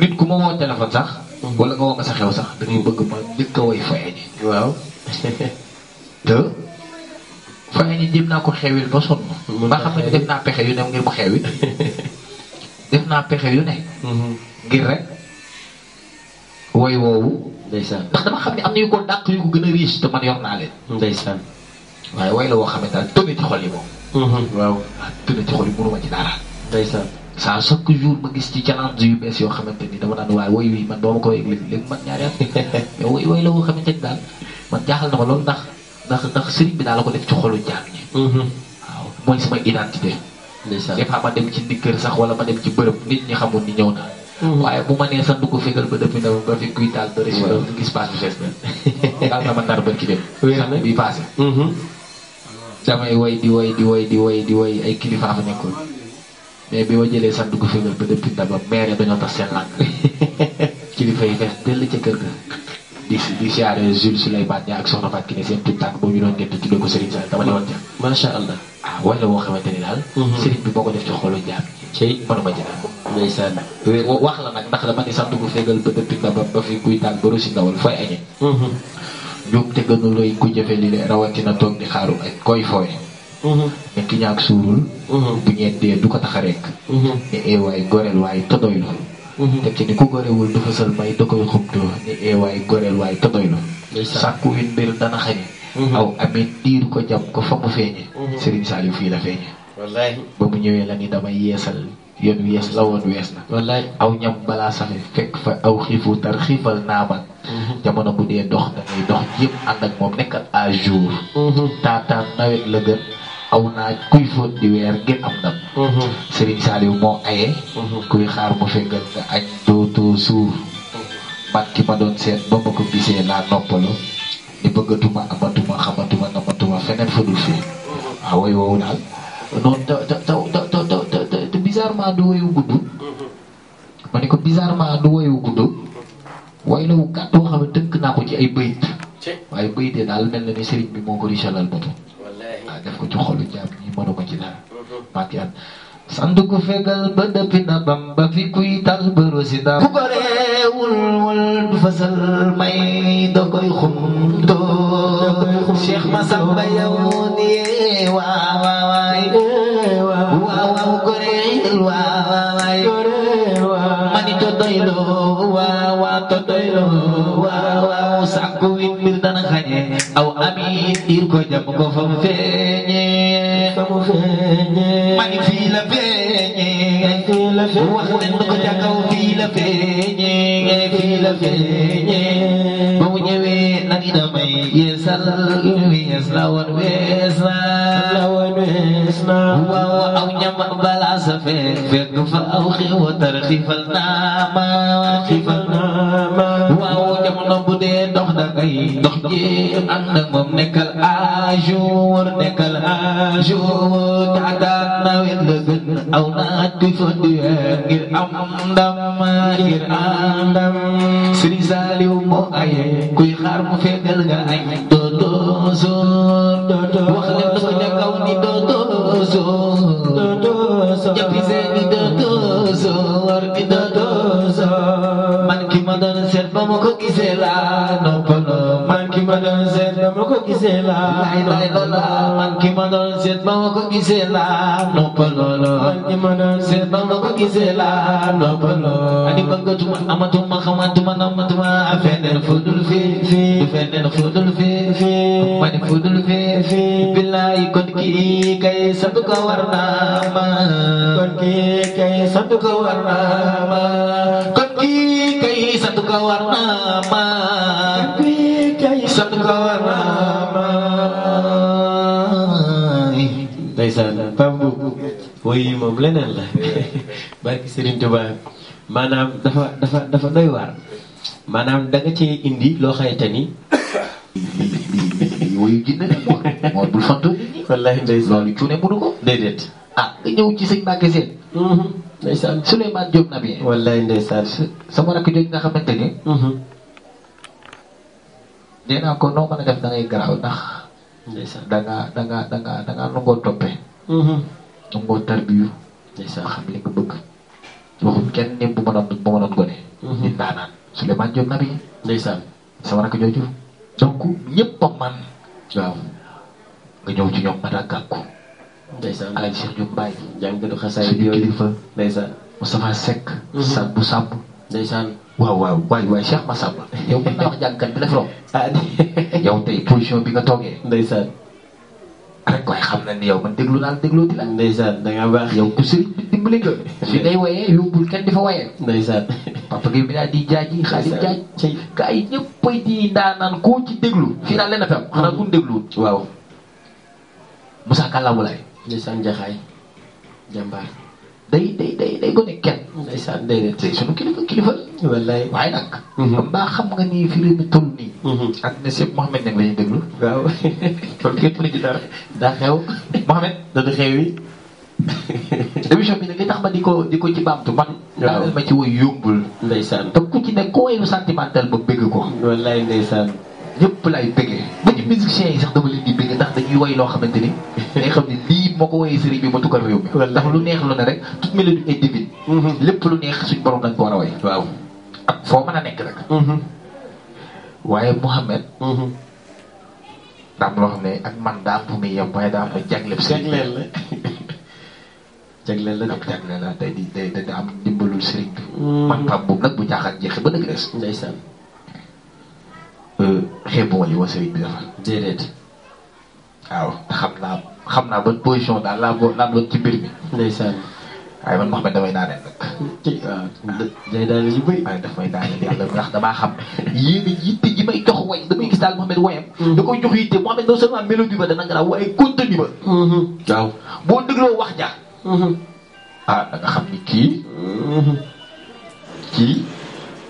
nit ku ma woo téléphone sax. wala nga woo ma sa xew sax da ngay bëgg ma njëkk a waaw te. waaye ni jéem naa ko xewil ba sonn. ba xam ne def naa pexe yu ne ngir mu xewi. pexe yu ne. Mhm. ngir rek woy woowu. ndeysaan ndax dama xam ne am na yu ko dàq yu gën a riche te man yor naa leen. ndeysaan la woo xam ne daal xol yi moom. Mhm. waaw tënna ci xol yi mënuma saa chaque jour ma gis ci challenge yu bees yoo xamante ni dama daan waaye woy wi man boo ma ko yëg léegi man ñaari at. mais woy woy la woo xamante ni daal man jaaxal na ma loolu ndax. ndax ndax sëriñ bi daa la ko def ci xolu jaam ñi waaw mooy sama identité des fois ma dem ci ndikkër sax wala ma dem ci bërëb nit ñi xamul ni ñëw naa waaye bu ma nee sant ko fegal ba depuis na ba fi kuy taal dara si gis daal sama nar ba ki dem sant bi passé damay way di way di way di way di way ay kilifa fa nekkoon mais bi ma jëlee sant ko fegal ba depuis na ba maire dañoo tax seen làkk kilifa yi fees dëll ca kër ga di di siyaare Jules Souleymane Niang ak Soxna Fatou Kiné seen tout tànk ne woon ca. macha allah ah wala woo xamante ni daal. Mhm. boo ko def ci xolu jaam. cey manuma ci daal. ndeysaan wax la nag ndax dama ne sant bu fegal ba dëpp na ba fi kuy tànn ba rusi ndawal fooy añee. Mhm. ñoom te gënu ku jëfe li rawatina toog di xaaru ak koy fooy. Mhm. ne ki ñaak suurul. bu ñeentee du ko tax a rekk. ne goreel waaye todoy loolu. teg mhm. ci ni ku gorewul du fësal bay da koy xubtoo ni eewaay eh, goreel waay todoy na sàkku win mbir dana xañe mhm. aw amee diir ko jàpp ko fa mu feeñe mhm. Serigne Saliou fii la feeñe wallaay ba mu ñëwee la ni damay yeesal yoon wees la woon wees na wallaay aw ñam balaa saxe fekk fa aw xiifu tar xiifal naaman jamono bu dee dox dangay dox jéem ànd ak moom nekkat à jour taataan nawet la gën awna kuy fot di wer ngeen am ndam mhm. serigne saliw mo ayé mhm. kuy xaar mo fegal nga añ dooto suur mhm. man ki ma don set ba ma ko gisee laa noppalu ma bëggatuma amatuma xamatuma namatuma fenen fa dul fi waaw ah, way woowu daal noonu da da da da ta ta bizarrement do wayu gudd ma ne ko bizarrement du wayu gudd way la wu gàtt xamé xam na ko ci ay bayit waaye bayitee ya daal mel na bi moo ko risalal bato def ko ci xolu jaam ñi mënuma ci dara Mbacké sanduku fegal ba dëppi na bamba fi kuy tal bërosi na bu ko reewul wul du fasal may da koy xum doo Cheikh Massamba yow waa aw amiin ir ko jam ko fa mu feeñee fa fii la feeñee fii la feeñee ko ca kaw fii la feeñee fii la feeñee ba mu ñëwee nag ina may yeesal wees la woon wees la woon wees na waaw aw ñam balaa sa fekk fekk fa aw xew tarxifal naa ma dox jéem ànd ak moom nekkal à jour nekkal à jour taataan nawet la gën aw naaj bi fënd ngir am ndam ngir am ndam Serigne Saliou moo aye kuy xaar mu fegal nga añ dootoo soor dootoo wax leen dafa ne ba ma ko gisee laa noppaloo man ki ma doon seet ba ma ko gisee laa noppaloo man ki ma doon seet ba ma ko gisee laa noppaloo man ki ma doon seet ba ma ko gisee laa noppaloo ani bëggatuma amatuma xamatuma namatuma feneen fu dul fii fii feneen fu dul fii fii mani fu dul fii fii billaay kon kii kay sant ko war naa ma kon kii kay sant ko war naa ma kon kii Sungkawan nama Sungkawan nama Taisan Pambu Woi mablenan lah Bagi Serigne Touba maanaam dafa dafa dapat doy waar maanaam da nga cee indi loo xayante ni woyu jinne moo dul sant wallahi ndey loolu cuune ah nga ñëw sing sëñ ndeysaan Souleymane Diop Nabi wallahi ndeysaan sama rak joj nga xamanteni hmm dina ko no mëna def da ngay graw ndax ndeysaan da nga da nga da nga da nga nungo topé hmm tarbiyu ndeysaan xam li nga bëgg waxum kenn bu bu gone mhm. Nabi ndeysaan sama rak joju donc man waaw nga ñew ci ñom ma ndeysaan El Hadj Cheikh Diop Baye. jàngatu xasaay yooyu fa ndeysaan Moustapha Seck. Mhm. sàb bu sàb. ndeysaan waaw waaw waay waay Cheikh Massamba yow mën na wax jàngkat bi la fi romb. yow tey position bi nga toogee. ndeysaan rek waaye xam na ni yow man déglu naa dégloo di la. ndeysaan da nga baax yow ku sëriñ bi dimbali nga. fi ngay wayee yóbbul kenn di fa wayee. ndeysaan papa gi bi daal di jaaji xaalis jaaj. cey gaa yi ñëppay di daanaan koo ci déglu. fii daal lenn fem xanaa ku ñu waaw Moussa Kalla Moulay. ndeysaan jaxaay jàmbaar day day day day gone kenn ndeysaan day day sunu kilifa kilifa wallaay waaye nag mhm. am xam nga nii fi réew mi toll nii mhm. ak ne Cheikh Mouhamed nag la ñuy déglu waaw kon képp la ci dara daa xew Mouhamed dana xew yi émission bi nag li tax ma di ko di ko ci baamtu man. waaw ma ci woy yombul. ndeysaan te ku ci ne koo woyu sentimental ba bëgg ko. wallaay ndeysaan. ñëpp lay bëggee ba ci musiciens yi sax dama leen di bëggee ndax dañuy woy loo xamante ni day xam ne lii ko woyee sëriñ bi ma tukkal réew lu neex lu ne rek mm-hmm. lépp lu neex suñ borom dañ ko war a woy waaw ak foo mën a nekk rek mm-hmm. waaye Mouhamed mm-hmm. daam xam ne ak man daam bu muy yem waaye daam jagleel sëriñ jagleel la jagleel la nag jagleel la tey di day da am ndimbalul sëriñ bi man pam boobu nag bu caaxaan jeexee ba dëgg des ndeysaan euh, xeebu wàll yi waa sëriñ waaw xam naa xam naa ban position daal laa boo laa doon ci mbir waaye man Mouhamed damay daaneel nag. day daaneel yu bëri. waaye daf may daaneel yàlla ndax damaa xam yéen a yitte ji may jox way damay gis daal Mouhamed wayam. Mm-hmm. da koy jox yitte Mouhamed non seulement mélodie ba dana garaaw waaye contenu ba. Mm-hmm. waaw boo dégloo wax ja. Mm-hmm. ah da xam ni kii. kii.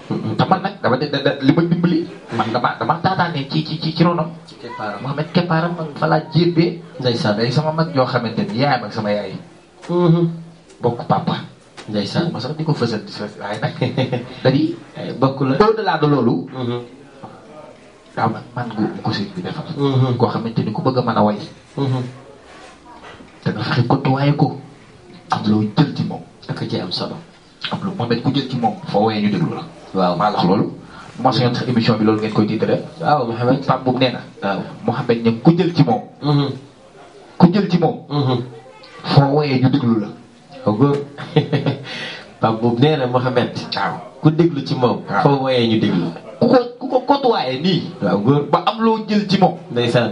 te man nag dama de da li ma dimbali. man dama dama taataanee ci ci ci ci ronam. ci keppaaram man fa laa jébbee. ndeysaan day sama mag ñoo xamante ni yaayam ak sama yaay. bokk papa. ndeysaan ma sax di ko fësal di fës waaye la au-delà de xamante ni ku bëgg a mën a way. da nga fexe kotuwaay ko. am loo jël ci moom. da nga cee am lu la. waaw maa loolu. moo sañoon sax émission bi loolu ngeen koy tiitre. waaw Mouhamed Pape Boub nee na. waaw Mouhamed ñoom ku jël ci moom. Mhm. ku jël ci moom. Mhm. foo wooyee ñu déglu la. waaw ku déglu ci moom. waaw foo ku ko ku ko nii. waaw góor ba am loo jël ci moom. ndeysaan.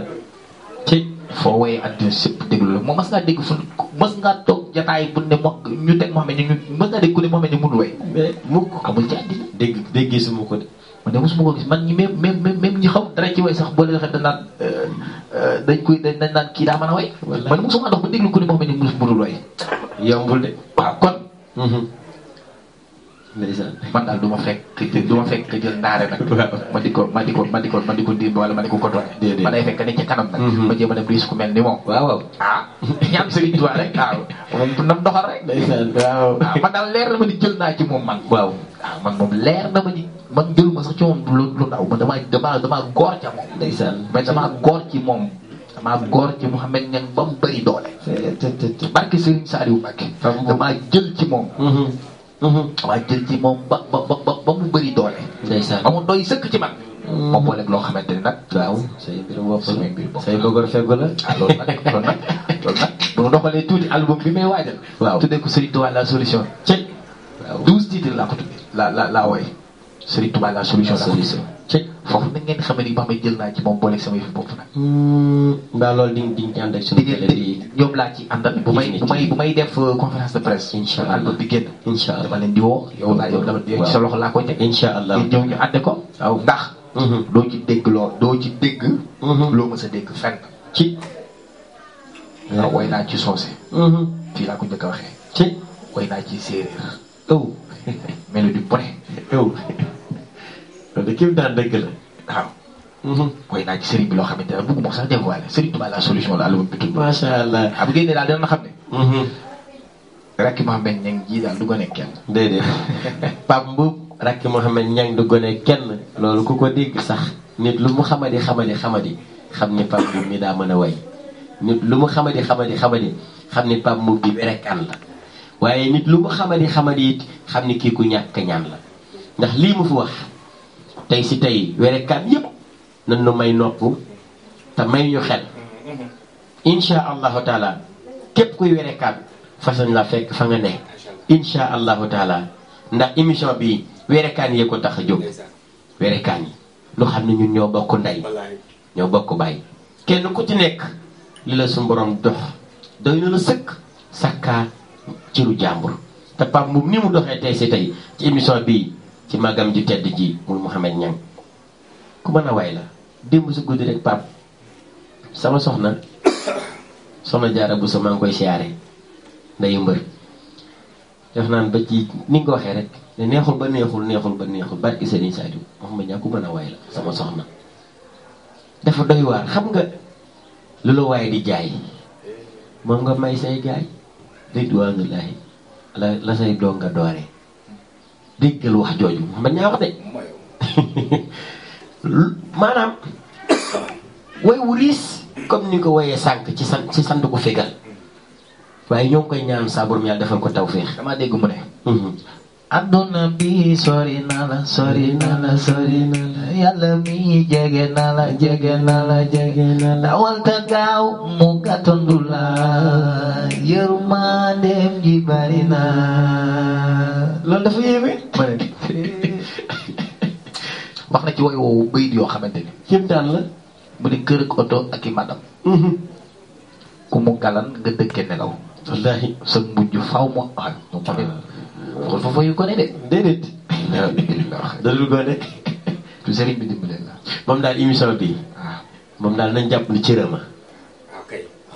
ci foo wooyee àddina sëpp déglu la moom mas ngaa dégg fu mas ngaa toog. jotaay bu ne mo ñu teg Mouhamed ñu mën nga dégg ku ne Mouhamed ñu mënul way. mais mukk amul ci dégg déggee ma ko de. man de mosuma ko gis man ñi même même même ñi xam dara ci way sax boo leen waxee euh, euh, a way. dox ba déglu ku ne Mouhamed ñu mënul way. yombul de waaw kon. Mm-hmm. man daal du ma fekk du ma fekk jël ndaare nag ma di ko ma di ko ma di ko ma di ko dimb wala ma di ko kotoone ma day fekk ne ci kanam nag mm-hmm. ma jéem a dem riis ku mel ni moom waaw waaw ah ñaan Serigne Touba rek waaw moom nam doxal rek ndeysaan waaw ah, man daal leer na ma ni jël ah, ma ni man jëluma sax ci moom lu ndaw man damaa ca moom ndeysaan mais ci moom damaa góor ci Mouhamed Niang ba ci moom mm-hmm. Mm-hmm. waaye jël ci moom ba ba ba ba mu bëri doole. ndeysaan ba mu doy sëkk ci man. moom moo nekk loo xamante ni nag. waaw say mbir bopp la say mbir bopp la say bëggoon feggu la. ah loolu nag loolu nag loolu nag bu ñu doxalee tuuti album bi may waajal. waaw tuddee la solution. ceeb waaw douze titres laa ko tuddee. la la laa wooye Serigne la solution. la solution. ci foofu nag ngeen xamee ni ba may jël naa ci moom boole sama yëfu bopp nag. Hmm, mbaa loolu di di di suñu télé bi ko. waaw ndax. Mm-hmm. doo ci dégg loo doo ci dégg. Mm-hmm. loo mës a dégg fenn. ci. waaw ci mm-hmm. a waxee. ci way naa ci séeréer. Oh. mélodie bu ne. Oh. loolu de kéem daan dëgg la waaw. koy mhm. naa ci sëriñ bi loo xamante ne bëgguma sax dévoilé sëriñ Tuubaa la solution la album bi tudd. macha allah am ngeen ne daal dina xam ne. Mhm. rakki Mohamed Niang jii daal ko sax nit lu mu xamadi xamadi xamadi xam ni Pape mi daa mën a way nit lu mu xamadi xamadi xamadi xam ni Pape Mboup la waaye lu mu xamadi xamadi it xam ni kii ku ñàkk ñaan la ndax lii mu fi wax. tey si tey werekaan yépp nan nu may nopp te may xel insha allahu taala képp kuy werekaan façon la fekk fa nga ne insha allahu taala ndax émission bi werekaan yee ko tax a jóg werekaan yi lu xam ne ñun ñoo bokk ndey ñoo bokk bàyyi kenn ku ci nekk li la suñu borom dox doy na la sëkk sakkaa ciru jàmbur te Pape mu doxee tey si tey ci émission bii ci magam ju tedd ji muy Mouhamed Niang ku mën a waay la démb si guddi rek pap sama soxna soxna jaara bu sa maa ngi koy siyaare ndeyu mbër def naan ba ci ni nga ko waxee rek ne neexul ba neexul neexul ba neexul barki Serigne Saliou Mouhamed Niang ku mën a waay sama soxna dafa doy waar xam nga lu la waaye di jaay moom nga may say gaay dédduwaanulaahi la la say doon nga dooree déggal wax jooju man ñaa wax de maanaam way wu riis comme ni ko woyee sànq ci sant ci sant fégal waaye ñoo ngi koy ñaan saa borom yàlla defal ko taw damaa dégg mu Aduna bihi sorinala sorinala sorinala Nala mihi Nala ya jaganala jaganala Awal tagau muka tundula Yeruma ya dem jibarina Loolu dafa yéeme ma ne wax na ci way woowu bayit yo xamanteni ci dal la bu ne keur ak auto ak i madam mhm. ku mu galan nga dekké nelaw wallahi sa mujj faw mu am kon foofa yu gone de déedéet dalul gone du sëriñ bi dimbale la moom daal émission bi moom daal nañ jàpp ni cërëma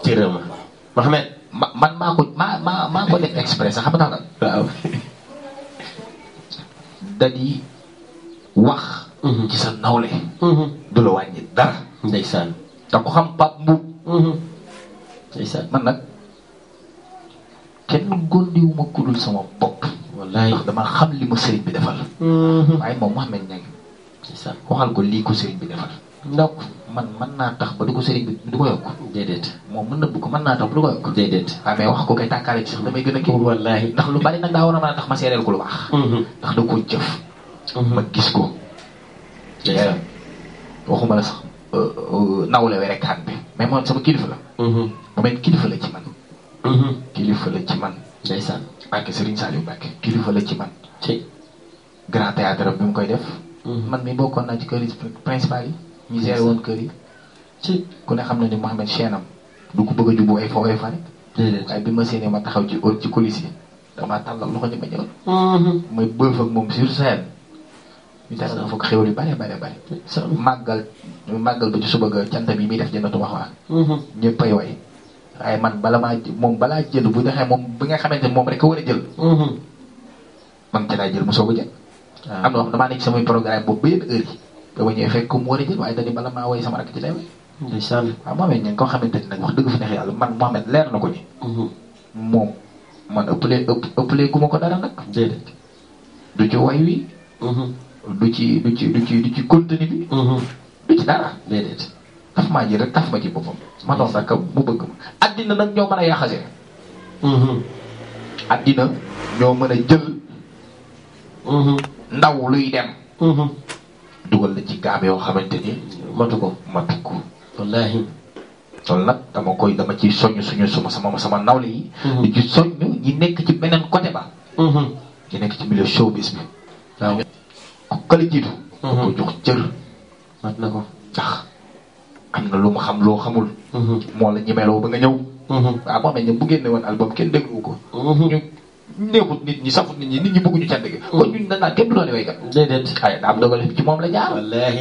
cërëma Mohamed man maa ko maa maa maa ko def express xam naa lan waaw da di wax ci sa nawle du la wàññi dara ndeysaan da ko xam pap ndeysaan man nag kenn gondiwuma kudul sama ndax dama xam li ma sëriñ bi defal. Mm-hmm. waaye moom Mouhamed Niang. c' waxal ko lii ko sëriñ bi defal. ndax man mën naa tax ba du ko sëriñ bi du ko yokk. déedéet moom mën na bu ko mën naa tax ba du ko yokk. déedéet waaye wax ko kay tàkkaale ci sax damay gën a kii. wallaahi ndax lu bari nag daa war a a tax ma seereel ko lu baax. Mm-hmm. ndax da koo jëf. Mm-hmm. ma gis ko. déedéet waxuma la sax euh, euh, nawle werekaan bi mais moom sama kilifa la. moom kilifa la ci man. kilifa la ci man. ndeysaan. Mbacke Serigne Saliou Mbacke kilifa la ci man. koy def. Mhm. man mi bokkoon naa ci kër yi principal yi. ñu géré woon ci ku ne na ni Mouhamed Cheikh am du ko bëgg a jubbu ay ci ci coulisse damaa tàllal loxo mhm. ñu na foog xéwal yu bare bare bare. màggal màggal ba ci suba ga cant bi muy def jëndatu wax waa. Mhm. ñëppay way waaye man bala maa moom balaa jël bu joxee moom bi nga xamante moom rek ko war a jël. Mm-hmm. man ca laa jël mu soog a jël. Ah. am na wax damaa nekk samay programme boobu ba yenn heure yi. dama ñëw fekk ko mu war a jël waaye dañu bala maa woy sama rakk ci lay woy. incha allah waaw Mohamed ña nag wax dëgg fi neex ko ni. Mm-hmm. moom man ëppalee ëpp ëppalee ku ko dara nag. déedéet du ci way wi. Mm-hmm. du ci du ci du ci du ci contenu du ci dara taf maa ji rek taf ma ci boppam ma ma addina nag ñoo mën a yaxasee mm-hmm. addina ñoo mën a jël mm-hmm. ndaw luy dem mm-hmm. dugal la ci gaam yoo xamante ni matu ko matu ko wallaahi loolu nag dama koy dama ci soññ suñu suma sama nawle yi di ci soññ ñi nekk ci beneen côté ba ñi nekk ci milieu showbiz bi ku kala jiitu ko jox mat na ko ndax am na lu mu xam loo xamul. Mm-hmm. moo la ñemeloo ba nga ñëw. waaw mm-hmm. ah, moo mel ne bu génne album kenn dégluwu ko. Mm-hmm. ñu neexut nit ñi safut nit ñi nit ñi bëgguñu ca dëgg. kon ñun dañ naan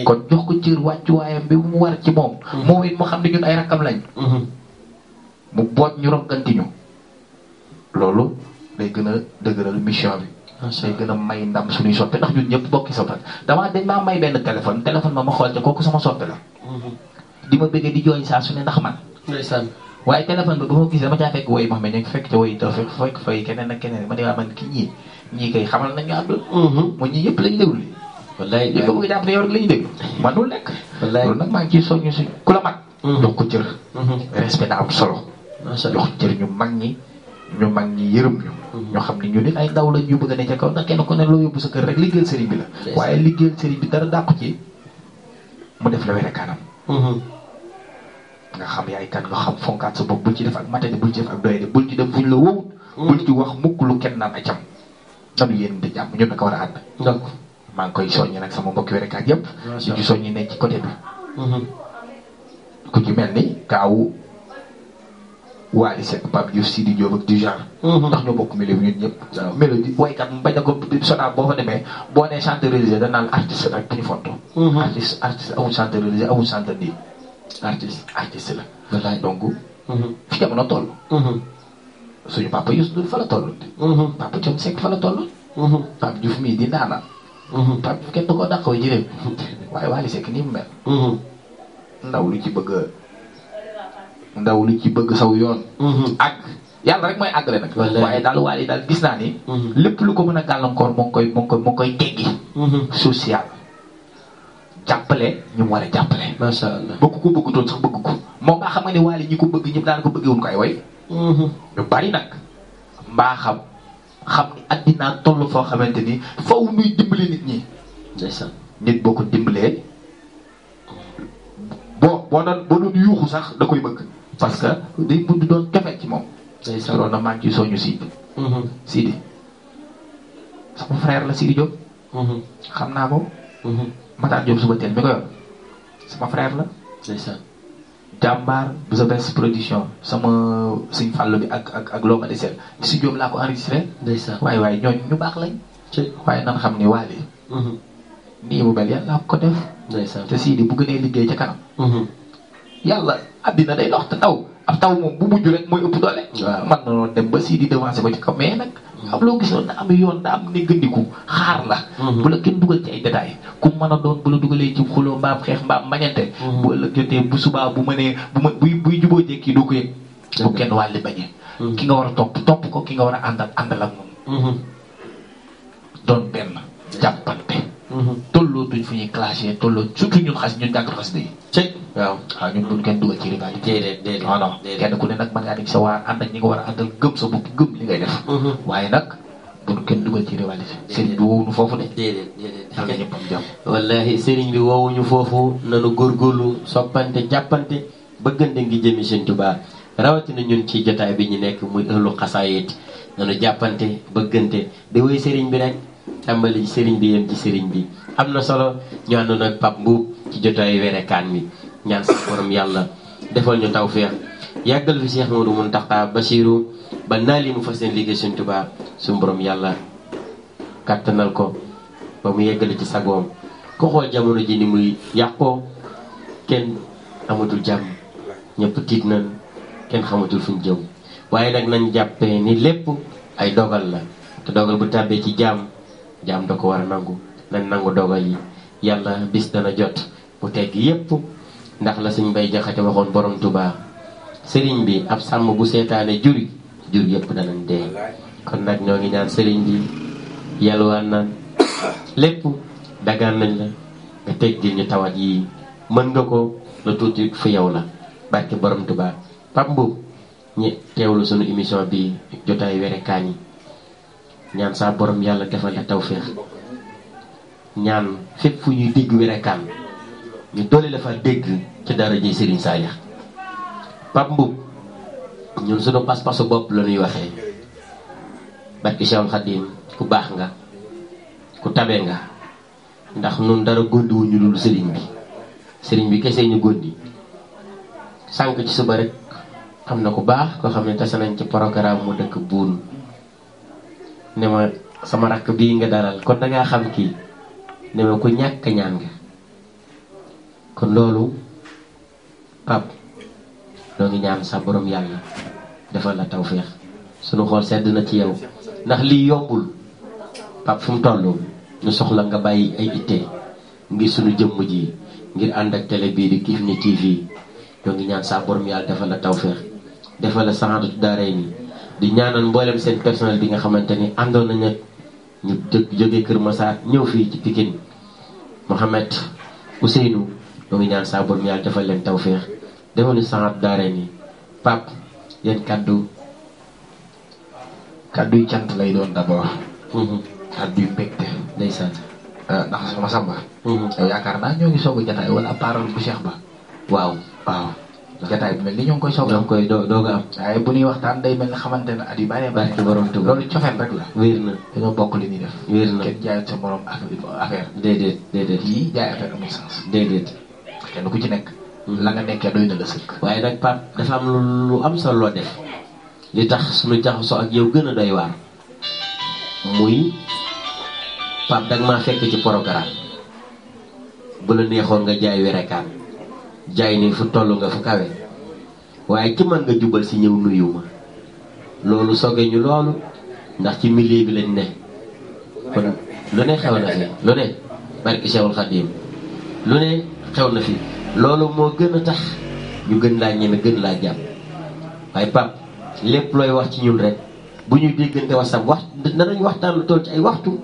kon jox ko cër wàccuwaayam mu war ci moom. moo it mu xam ne ñun ay rakkam lañ. mu boot ñu rogganti ñu. loolu day gën a dëgëral mission bi. Ah, day gën a may ndam suñuy soppe ndax ñun ñëpp bokki soppe damaa dañ maa may benn téléphone téléphone ma ma xool te kooku sama soppe la. di ma di jooy saa su ne ndax man ndeysaan téléphone ba ba ma gis dama caa fekk woy Mouhamed Niang fekk ca woy Dóor fekk fekk fay keneen ak ma man ki ñii ñii kay xamal nañ ñu mu ñii yëpp lañ déglu ñu ko bëgg jàpp ne yow rek ma dul nekk wallaay loolu nag maa ngi si ku mag jox ko respect am solo ñu mag ñi ñu mag ñi ñu ñu nit ay ndaw ñu bëgg ne kaw rek sëriñ bi la sëriñ bi dara def la kanam nga xam yaay kan nga xam fonkaat sa bopp bul ci def ak matadi bul ci def ak doyadi bul ci dem fuñ la wowut. bul ci wax mukk lu kenn naan acam. nanu de di jàmm ñun ka war a ànd. donc koy ngi koy soññi nag sama mbokki wérekaat yëpp. macha ci soññi ne ci côté bi. Mm-hmm. ku ci mel ni kaawu Waly Seck Pape Diouf Sidi Diop ak du genre. Mm-hmm. ndax ñoo bokk milieu bi ñun ñëpp. a ko Sodav boo fa demee boo nee chanteur réalisé dañ naan artiste rek bu ñu fonto. Mm-hmm. artiste artiste amul chanteur réalisé amul chanteur artiste artiste la. wallaay donc. fi mhm. jamono toll. Mhm. suñu papa Youssou Ndour fa la toll. Mhm. papa Thione Seck fa la toll. papa juf mi di naanaan. papa Diouf kenn du ko dàqoo jëreem. waaye wali Seck ni mu mel. ndaw lu ci bëgg ndaw lu ci bëgg saw yoon. ak yàlla rek mooy àggale nak waaye dal wali dal gis na ni. lepp lu ko mën galankor mo moo koy moo koy moo koy teggi. social. -hmm. jàppale ñu mu a jàppale. macha allah bëgg ko bëggutoon sax bëgg ko moom mbaa xam nga ne waale ñi ko bëgg ñëpp daan ko bëggewuñ ko ay way. ñu mm-hmm. bari nag mbaa xam xam ni addinaa toll foo xamante ni faw nuy dimbali nit ñi. ndeysaan nit boo ko dimbalee boo boo doon boo doon yuuxu sax da koy bëgg. parce que day mujj doon cofet ci moom. ndeysaan loolu nag maa ngi ciy soññu Sidi. Mm-hmm. Mm-hmm. xam naa ko. Matar jom Soubatel mi ko yor sama frère la c'est ça jambar bu sa best production sama seigne fallo bi ak ak ak looma desel di si joom laa ko enregistré ça way way ñoo ñu bax lañ ci way nan xamni ni hmm ni mu mel yàlla ko def c'est ça te si di bu gëné liggéey ci kanam hmm yalla àddina day dox ta ndaw ab taw moom bu mujj rek mooy ëpp doole. waaw man na loolu dem ba sii di devancer ko ci kaw mais nag. ab loo gisoon da am yoon da am néggandiku xaar la. Mhm. bu la kenn dugal ci ay détails ku mën a doon bu la dugalee ci xuloo mbaam xeex mbaam mhm. subaa bu mënee bu ma buy buy juboo jékki doo ko bu kenn wàlli bañee. Mhm. ki nga war a topp topp ko ki nga war a àndal àndal ak moom. doon benn jàppante. tollootuñ fu ñuy clashé tolloo surtout ñun xas ñun jàkk xas day waaw waaw ah, ñun duñ kenn dugal ci rivalité déedéet déedéet ah, non non kenn nag mën ngaa dem sa a àndal gëm mm-hmm. kenn dugal ci rivalité sëriñ bi woowuñu foofu de déedéet déedéet am bi woowuñu foofu nanu góorgóorlu soppante jàppante bëggante ngi jëmi sëñ Tuubaa rawatina ñun ci jotaay bi ñu nekk muy ëllu xasaayeet nanu jàppante bëggante di woy bi rek tambali sëriñ bi yem ci sëriñ bi am solo ñaanu nak pap bu ci jotay wéré kan mi ñaan sa borom yalla defal ñu tawfiq yagal fi Cheikh Modou muntaka bashiru ba mu fassene ligue liggéey suñ sun borom yalla kàttanal ko ba mu yegal ci sagom ko xol jamono ji ni muy yakko ken amatul jam ñepp tit nañ ken xamatul fuñ jëm waye nak nañ jappé ni lepu ay dogal la te dogal bu tabé ci jam jam da ko war a nangu nañ nangu dogal yi yalla bis dana jot bu tegg yépp ndax la sëñ bay jaxate waxon borom tuba sëriñ bi ab sam bu setané juri jur yépp danañ dé kon nak ñogi ñaan sëriñ bi wa naan lepp dagan nañ la nga teggil ñu tawat yi mën nga ko lu tuti fu yow la barke borom tuba pambu ñi téwlu suñu émission bi wéré kañi ñaan sa borom yalla defal la tawfiq ñaan fépp fu ñuy dégg werekaan ñu doole la fa dégg ci dara ji serigne salih pap mbub ñun suñu pas-pasu bop la ñuy waxee barki cheikh khadim ku bax nga ku tabe nga ndax nun dara gondi wuñu lul serigne bi serigne bi kese ñu gondi sank ci suba rek am ku bax ko xam ne ci programme mu dëkk buun ne ma sama rak bi nga dalal kon da nga xam ki ne ma ku ñak ñaan nga kon lolu pap do ngi ñaan sa borom yalla defal la tawfiq suñu xol sedd na ci yow ndax li yombul pap fu mu tollu ñu soxla nga bayyi ay ité ngir suñu jëm ji ngir and ak télé bi di Kifne TV dongi ngi ñaan sa borom yalla defal la tawfiq defal la di ñaanal mboolem seen personnel bi nga xamanteni andon nañu ñu joggé Kër Massar ñew fi ci Pikine mohammed Ousseynou do ngi ñaan saa borom yalla defal leen tawfiq defal ni sangat daare ni pap yeen kaddu kaddu yu cant lay doon d'abord mm-hmm. kaddu yu mbégte ndeysaan euh, ndax sama samba mm-hmm. yow yaakaar naa ñoo ngi soog a jataay wala parole bu Cheikh Ba waaw waaw jataay bi mel ni ñu ngi koy soog a koy doog a am waaye bu ñuy waxtaan day mel ne xamante ne at yu bëree bëri loolu cofeel rek la wér na dañoo bokk li ñuy def wér na kenn jaayut sa morom affaire déedéet déedéet yii jaay affaire amul sens déedéet kenn ku ci nekk hmm. la nga nekkee doy na la sëkk waaye nag Pape dafa lu am solo loo def li tax suñu jaxasoo ak yow gën a doy waar muy Pape danga maa fekk ci programme bu la neexoon nga jaay werekaan jaay ni fu toll nga fu kawe waaye ci man nga jubal si ñëw nuyu ma loolu soge ñu loolu ndax ci milieu bi lañ ne lu ne xew na fi lu ne barki Cheikhul Khadim lu ne xew na fi loolu moo gën a tax ñu gën laa ñeme gën laa jàpp waaye Pape lépp looy wax ci ñun rek bu ñuy déggante wasam wax danañ waxtaan lu toll ci ay waxtu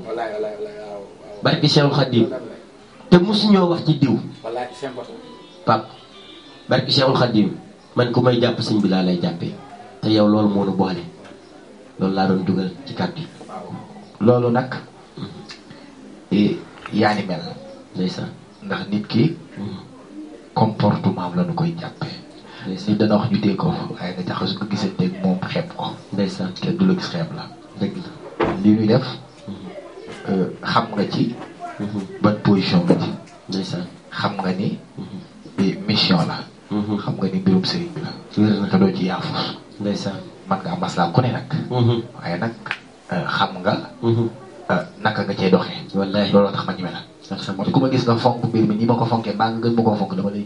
barki Cheikhul Khadim te mosuñoo wax ci diw Pape barki a Khadim man ku may jàpp sëñ bi laa lay jàppee te yow loolu moo nu boole loolu laa doon dugal ci kàddu yi. loolu nag. Eh, yaa ni mel. ndeysaan ndax nit ki. comportement la ñu koy jàppee. ndeysaan dana wax ñu ko waaye nga jaxas ko gisanteeg moom xeeb ko. ndeysaan te du la gis xeeb la. dëgg li ñuy def. Mm-hmm. Euh, xam nga ci. Mm-hmm. ban position nga ci. ndeysaan xam nga ni. Mm-hmm. mission la. Mm-hmm. xam nga ni mbirum sëriñ bi la. Mm-hmm. te doo ci yaafus. ndeysaan man ngaa maslaa ku ne nag. Mm-hmm. waaye nag euh, xam nga. Euh, naka nga cee doxee. wallaahi looloo tax ma ñeme la. alhamdulilah ku ma gis nga fonk mbir mi ni ma ko fonkee mbaa nga gën ma koo fonk dama lu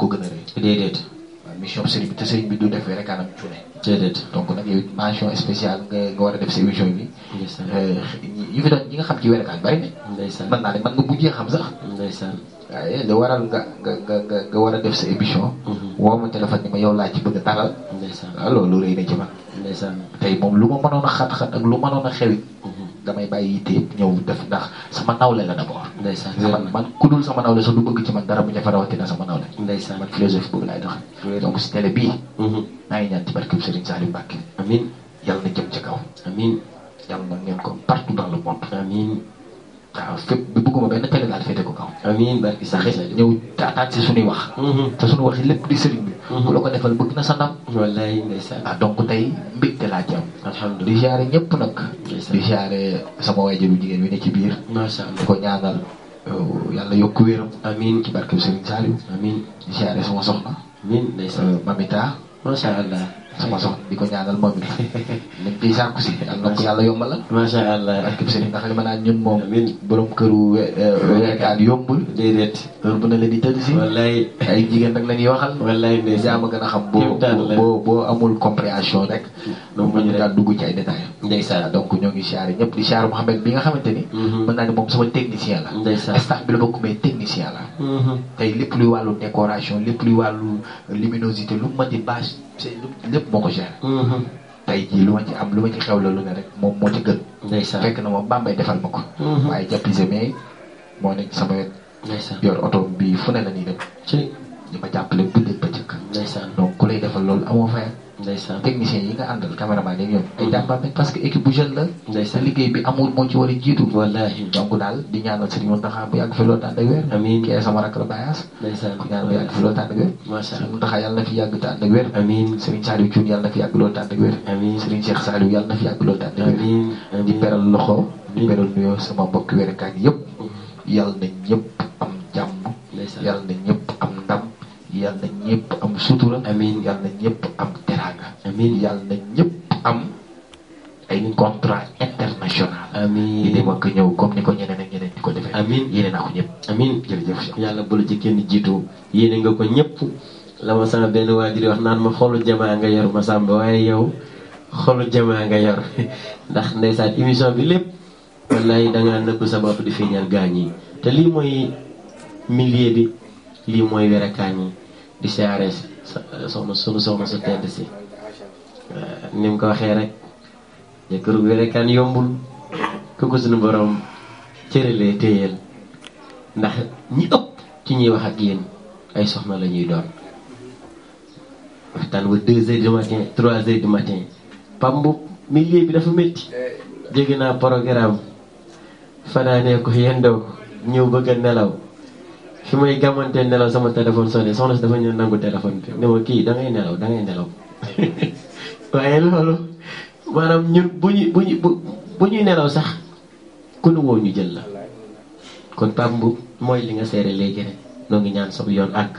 ko gën a rëy. déedéet. waaw mission sëriñ bi sëriñ bi du def rek anam cuune. déedéet donc nag yow mention spéciale nga nga war a def sa émission bi. Euh, fi doon ñi nga xam ci werekaan bari na. ndeysaan mën naa ne mën nga bujjee xam sax. ndeysaan. waaye lu waral nga nga nga nga a def sa émission. Mhm. woo ma téléphone ni ma yow laa ci bëgg a dalal. ndeysaan waaw loolu rëy na ci lu ma mënoon a ak lu mënoon a xewit mhm. damay bàyyi yitte yëpp ñëw def ndax sama nawle la d'abord. ndeysaan man man ku dul sama nawle sax du ci man dara bu ñu fa rawatina sama nawle. ndeysaan man philosophie boobu laay doxee. donc si télé bii. naa mhm. ngi ñaan ci barkebu Serigne Saliou Mbacké. amiin yàlla na jëm ca kaw. amiin yàlla na ngeen ko partout dans le monde. amiin. waaw fépp bëgguma benn télé daal féete ko kaw. amiin barki sax ñëw taataan si suñuy wax. Mhm. te suñu wax lépp di sëriñ bi. bu mhm. la na sa ndam. wallaay ndeysaan. ah donc tey mbégte laa ci am. alhamdulilah di jaare ñëpp nag. di jaare sama waajuru jigéen wi ne ci biir. macha allah di ko ñaanal. Oh, yàlla yokk wéeram. amiin ci barke Serigne Saliou. amiin di jaare sama soxna. amiin sama soxna di ko ñaanal moom it liñ ciy sàkku si yàlla na ko yàlla yombalal allah ak képp sëriñ ndax li ma naan ñun moom borom këru eh, weerkaan yombul déedéet loolu bu na leen di tëdd si wallaay jigéen rek la ñuy waxal wallaay a gën a xam boo boo boo amul compréhension rek loolu mën dugg ci ay détails ndeysaan donc ñoo ngi siyaare ñëpp di siyaare Mouhamed bi nga xamante ni mm-hmm. mën naa ne moom sama technicien la ndeysaan staff bi la bokk mais technicien la mm-hmm. lépp luy wàllu décoration lépp luy wàllu luminosité lu mën di say lépp moo ko géré mm-hmm. tey jii lu ma ci am lu ma ci xew la lu ne rek moom moo ci gën ndeysaan fekk na moom Bambey defal ma ko mm-hmm. waaye jàppise mais moo nekk sama wet ndeysaan yor oto bi fu ne la nii dem ci ñi ma jàppale bu dee ba njëkk ndeysaan donc ku lay defal lool amoo fayal ndeysaan technicien yi nga àndal cameraman yi ñoom ay jàmbaar nañ parce que équipe bu jeune la ndeysaan liggéey bi amul moo ci war a jiitu wallahi donc daal di ñaanal sëriñ Mountakha bu yàgg fi loolu tànd ak wér amin kee sama rakk la bayaas ndeysaan ku ñaan bu yàgg fi loolu tànd ak wér macha allah Mountakha yàlla na fi yàgg tànd ak wér amin sëriñ Saliou Thioune yàlla na fi yàgg loolu tànd ak wér amin sëriñ Cheikh Saliou yàlla na fi yàgg loolu tànd ak wér amin di beral loxo di beral nuyoo sama mbokk wérekaat yépp mm-hmm. yàlla na ñëpp am jàmm yàlla na ñëpp am ndam yal na ñëpp am sutura amiin yal na ñëpp am teraanga amiin yal na am ay contrat international amiin di ak ko ñeneen ak ñeneen di ko defee ñëpp amiin yàlla bu la ci kenn jiitu yéene nga ko ñëpp la ma sama benn waajur wax naan ma xolu jamaa nga yor ma waaye yow xolu jamaa nga yor ndax ndeysaan émission bi lépp wallaay dangaa nëbb sa bopp di feeñal gaañ yi te lii mooy milieu bi lii mooy werakaan di siyaare soxna sunu soxna su tedd si eh, ni ko waxee rek jëkkëru wérekaan yombul ku ko suñu borom cëralee téyeel ndax ñi ëpp ci ñuy wax ak yéen ay soxna la ñuy doon waxtaan ba deux heures du matin trois heures du matin pambu milieu bi dafa métti jéggi naa programme fanaanee ko yendoo ñëw bëgg a nelaw fi may gàmmantee nelaw sama téléphone sonné soxna si dafa ñu nangu téléphone bi ne ma kii da ngay nelaw da nelaw waaye loolu maanaam ñun bu ñu bu ñu bu ñuy nelaw sax ku nu woo ñu jël la kon Pape Mboup mooy li nga seere léegi rek noo ngi ñaan sob yoon ak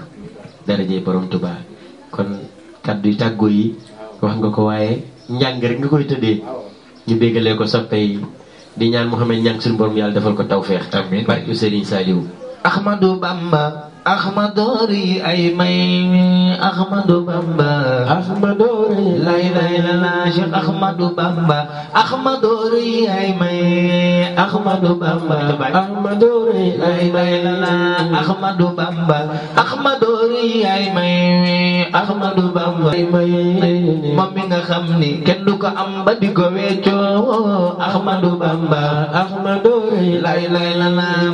darajee boroom Tuubaa kon kàddu yu tàggoo yi wax nga ko waaye njàng rek nga koy tëddee ñu béggalee ko soppe yi di ñaan Mouhamed Niang suñu borom yàlla defal ko tawféex. amiin barke Serigne Saliou Ahmadu Bamba Ahmadori ay may Ahmadou Bamba Ahmadori lay ay may Ahmadou ay may Ahmadou mi nga xam ni kenn ko am di ko weccoo Ahmadou Bamba Ahmadori lay lay la la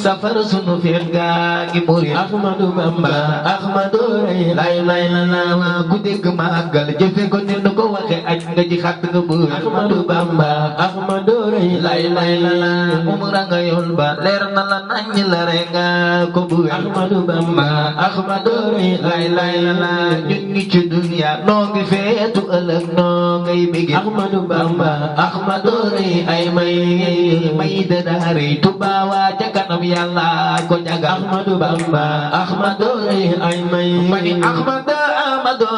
safar sunu seen gaa ngi murit Ahmadu Bamba Ahmadu rey lay lay la ku dégg màggal jëfe ko ni ko waxe aj nga ji xàtt nga buur Ahmadu Bamba Ahmadu wéy lay lay la um rangayoon ba leer na la nañ la renga ko bu wéy Ahmadu Bamba Ahmadu wéy lay lay la ñun ñi ci dunya noo ngi feetu ëllëg noo ngay bëgg Ahmadu Bamba Ahmadu wéy ay may may da daari tubaawa ca kanam yàlla ko jaga Ahmadu Bamba Ahmadu wéy ay may mani Ahmadu Ahmadu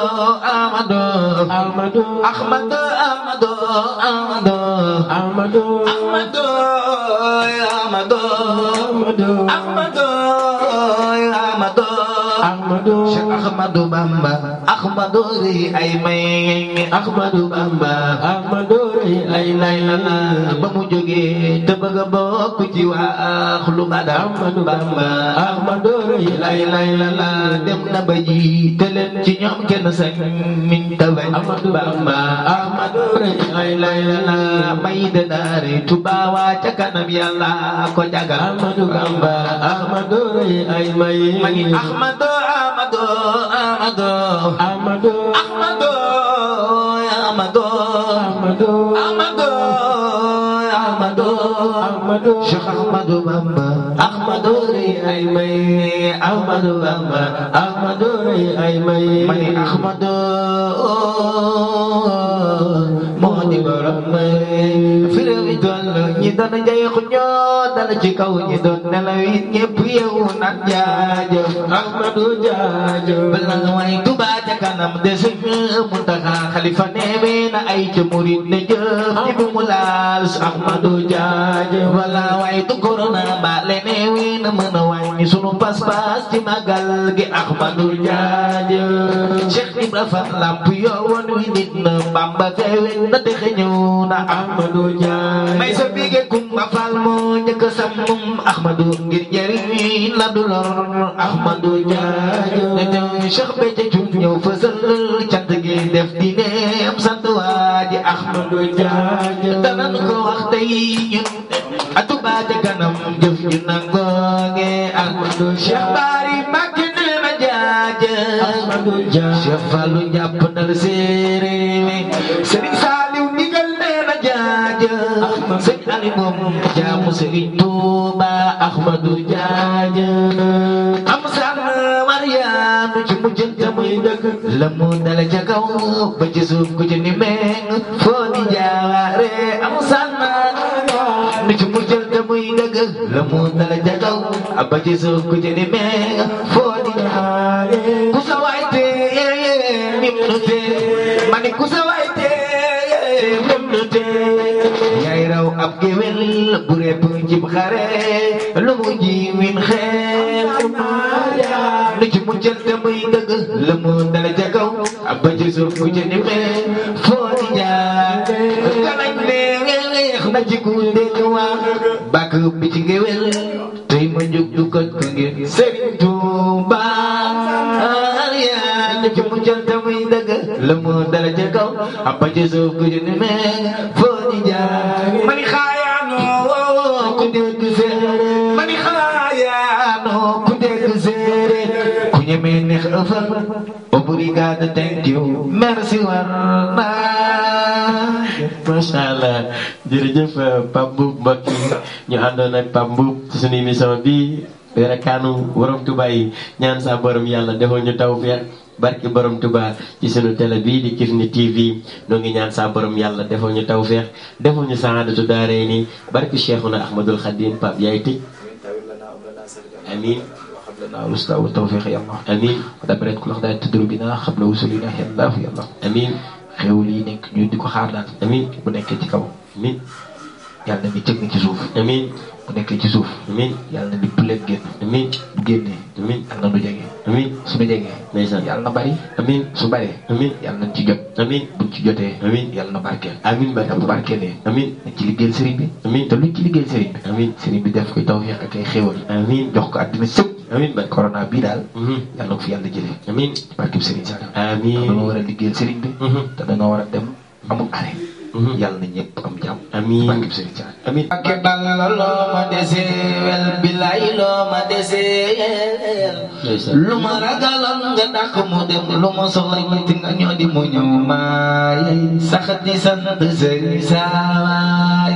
Ahmadu Ahmadu Ahmadu Ahmadu Amado, Amado, Amado, Amado. Ahmadu Ahmadu Bamba Ahmadu rëy ay may Ahmadu Bamba Ahmadu rëy ay lay la ba mu jógee te bëgg a bokk ci waa Ahlu Badar Ahmadu Bamba Ahmadu rëy ay lay la dem na ba ji te leen ci ñoom kenn sañ min taway Ahmadu Bamba Ahmadu rëy ay lay la may de daare tubaawa ca kanam yàlla ko jagal Ahmadu Bamba Ahmadu rëy ay may أحمد أحمد أحمد أحمد يا أحمد أحمد أحمد يا شيخ أحمد بابا أيمي أحمد بابا أيمي من أحمد مهدي برمي في doon ñi doon njaayxu ñoo dal ci kaw doon nelaw yi ñépp yeewu naan jaajëf Ahmadu jaajëf bala nga way Tuubaa ca kanam de Sëriñ Muntaxa xalifa nee na ay ca murid ne jëf ñi bu mu laal Ahmadu jaajëf wala way tu korona ba leneen mën a wàññi sunu pas-pas ci magal gi Ahmadu jaajëf Cheikh Ibra Fall lamp yoo woon wi nit na Bamba teewe na dexe ñëw na Ahmadu jaajëf may sa bige kumba faal moo njëkk sàmmum ahmadu ngir njëriñ la du lor ahmadu jaajo ne ñëw cheikh béca cum ñëw fësal cant gi def dineem sant waa di ahmadu jaajo danan ko wax tey ñun atubaa ca kanam jëf ñu nangoonge ahmadu cheikh baari mbàkke ne ma ahmadu jaajo cheikh fallu jàpp nal séeréer sëriñ saaliw ndigal ne na ma sëñ Ali moom jaamu sëriñ Tuuba Ahmadu Jaañ am san Maryaam ci mujjante muy dëkk la mu dala ca kaw ba ci ku ci ni meeng foo di jaawaare am san nu ci mujjante muy dëkk la mu dala ca kaw ba ci ku ci ni meeng foo di ku sa waay tee nim nu tee ma ni ku sa waay tee nim nu tee ab géwél bu repp jib xare lu mu jiwin xeex lu ci muccal te muy dëgg lu mu dala ca kaw ba ci suuf ku ca nim xeex foo di jaar na ci ku dégg waa bàkk bi ci géwél tey ma jóg du kot ko ngir Sëriñ Tuuba lu ci muccal te muy dëgg lu mu dala ca kaw ba ci suuf ku ca nim Obrigado, thank you Merci warna Masalah Dirinya pambuk baki Nyohando na pambuk Sunimi sama Berakanu Warum tubai Nyan sa borom yalla Deho nyo barki borom tuba ci sunu télé bi di kifni tv no ngi ñaan sa borom yalla defo ñu tawfiq defo ñu saadatu daarayni barki cheikhuna ahmadul khadim pap yaay amin لنا الوسطى والتوفيق يا الله امين ودبرت كل خداع تدرو بنا قبل وصولنا يا الله يا الله امين xewul yi nekk ñu di ko xaar daal amin bu nekkee ci kaw amin yàlla mi teg na ci suuf amin bu nekkee ci suuf amin yàlla mi bu leen génn amin bu génnee amin yàlla nu jege amin suñu jege ndeysaan yàlla bari amin su bari amin yàlla nañ ci jot amin buñ ci jotee amin yàlla na barkeel amin barkeel bu barkeelee amin nañ ci liggéeyal sëriñ bi amin te luñ ci liggéeyal sëriñ bi amin sëriñ bi def koy tawfiq ak ay xéewal amin jox ko àddina sëpp amiin ba corona bii daal. Mhm. yàlla na ko fi yàlla jëlee. amiin barkeb Serigne Sall. amiin a bi. Mhm. te a dem amul arrêt. Mm-hmm. yang na ñëpp am jàmm Pakai barke Serigne Thiam amiin barke Balla loo ma dese wel bilaay loo ma dese ya, lu ma ragaloon nga dàq mu dem lu ma soxla nga ñoo di mu ñëw maay saxati sant Serigne Saawaay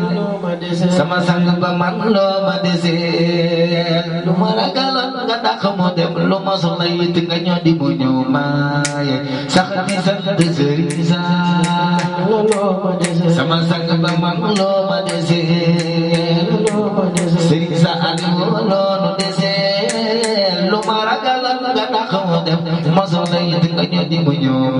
sama sang ba man loo ma dese lu ma ragaloon nga dàq mu dem lu ma soxla nga ñoo di mu ñëw maay saxati sant loo ma dese ba mam loo ma dese loo ma sa ali loo nu dese lu ma ragal nga taxaw dem ma soxla it nga ñu di mu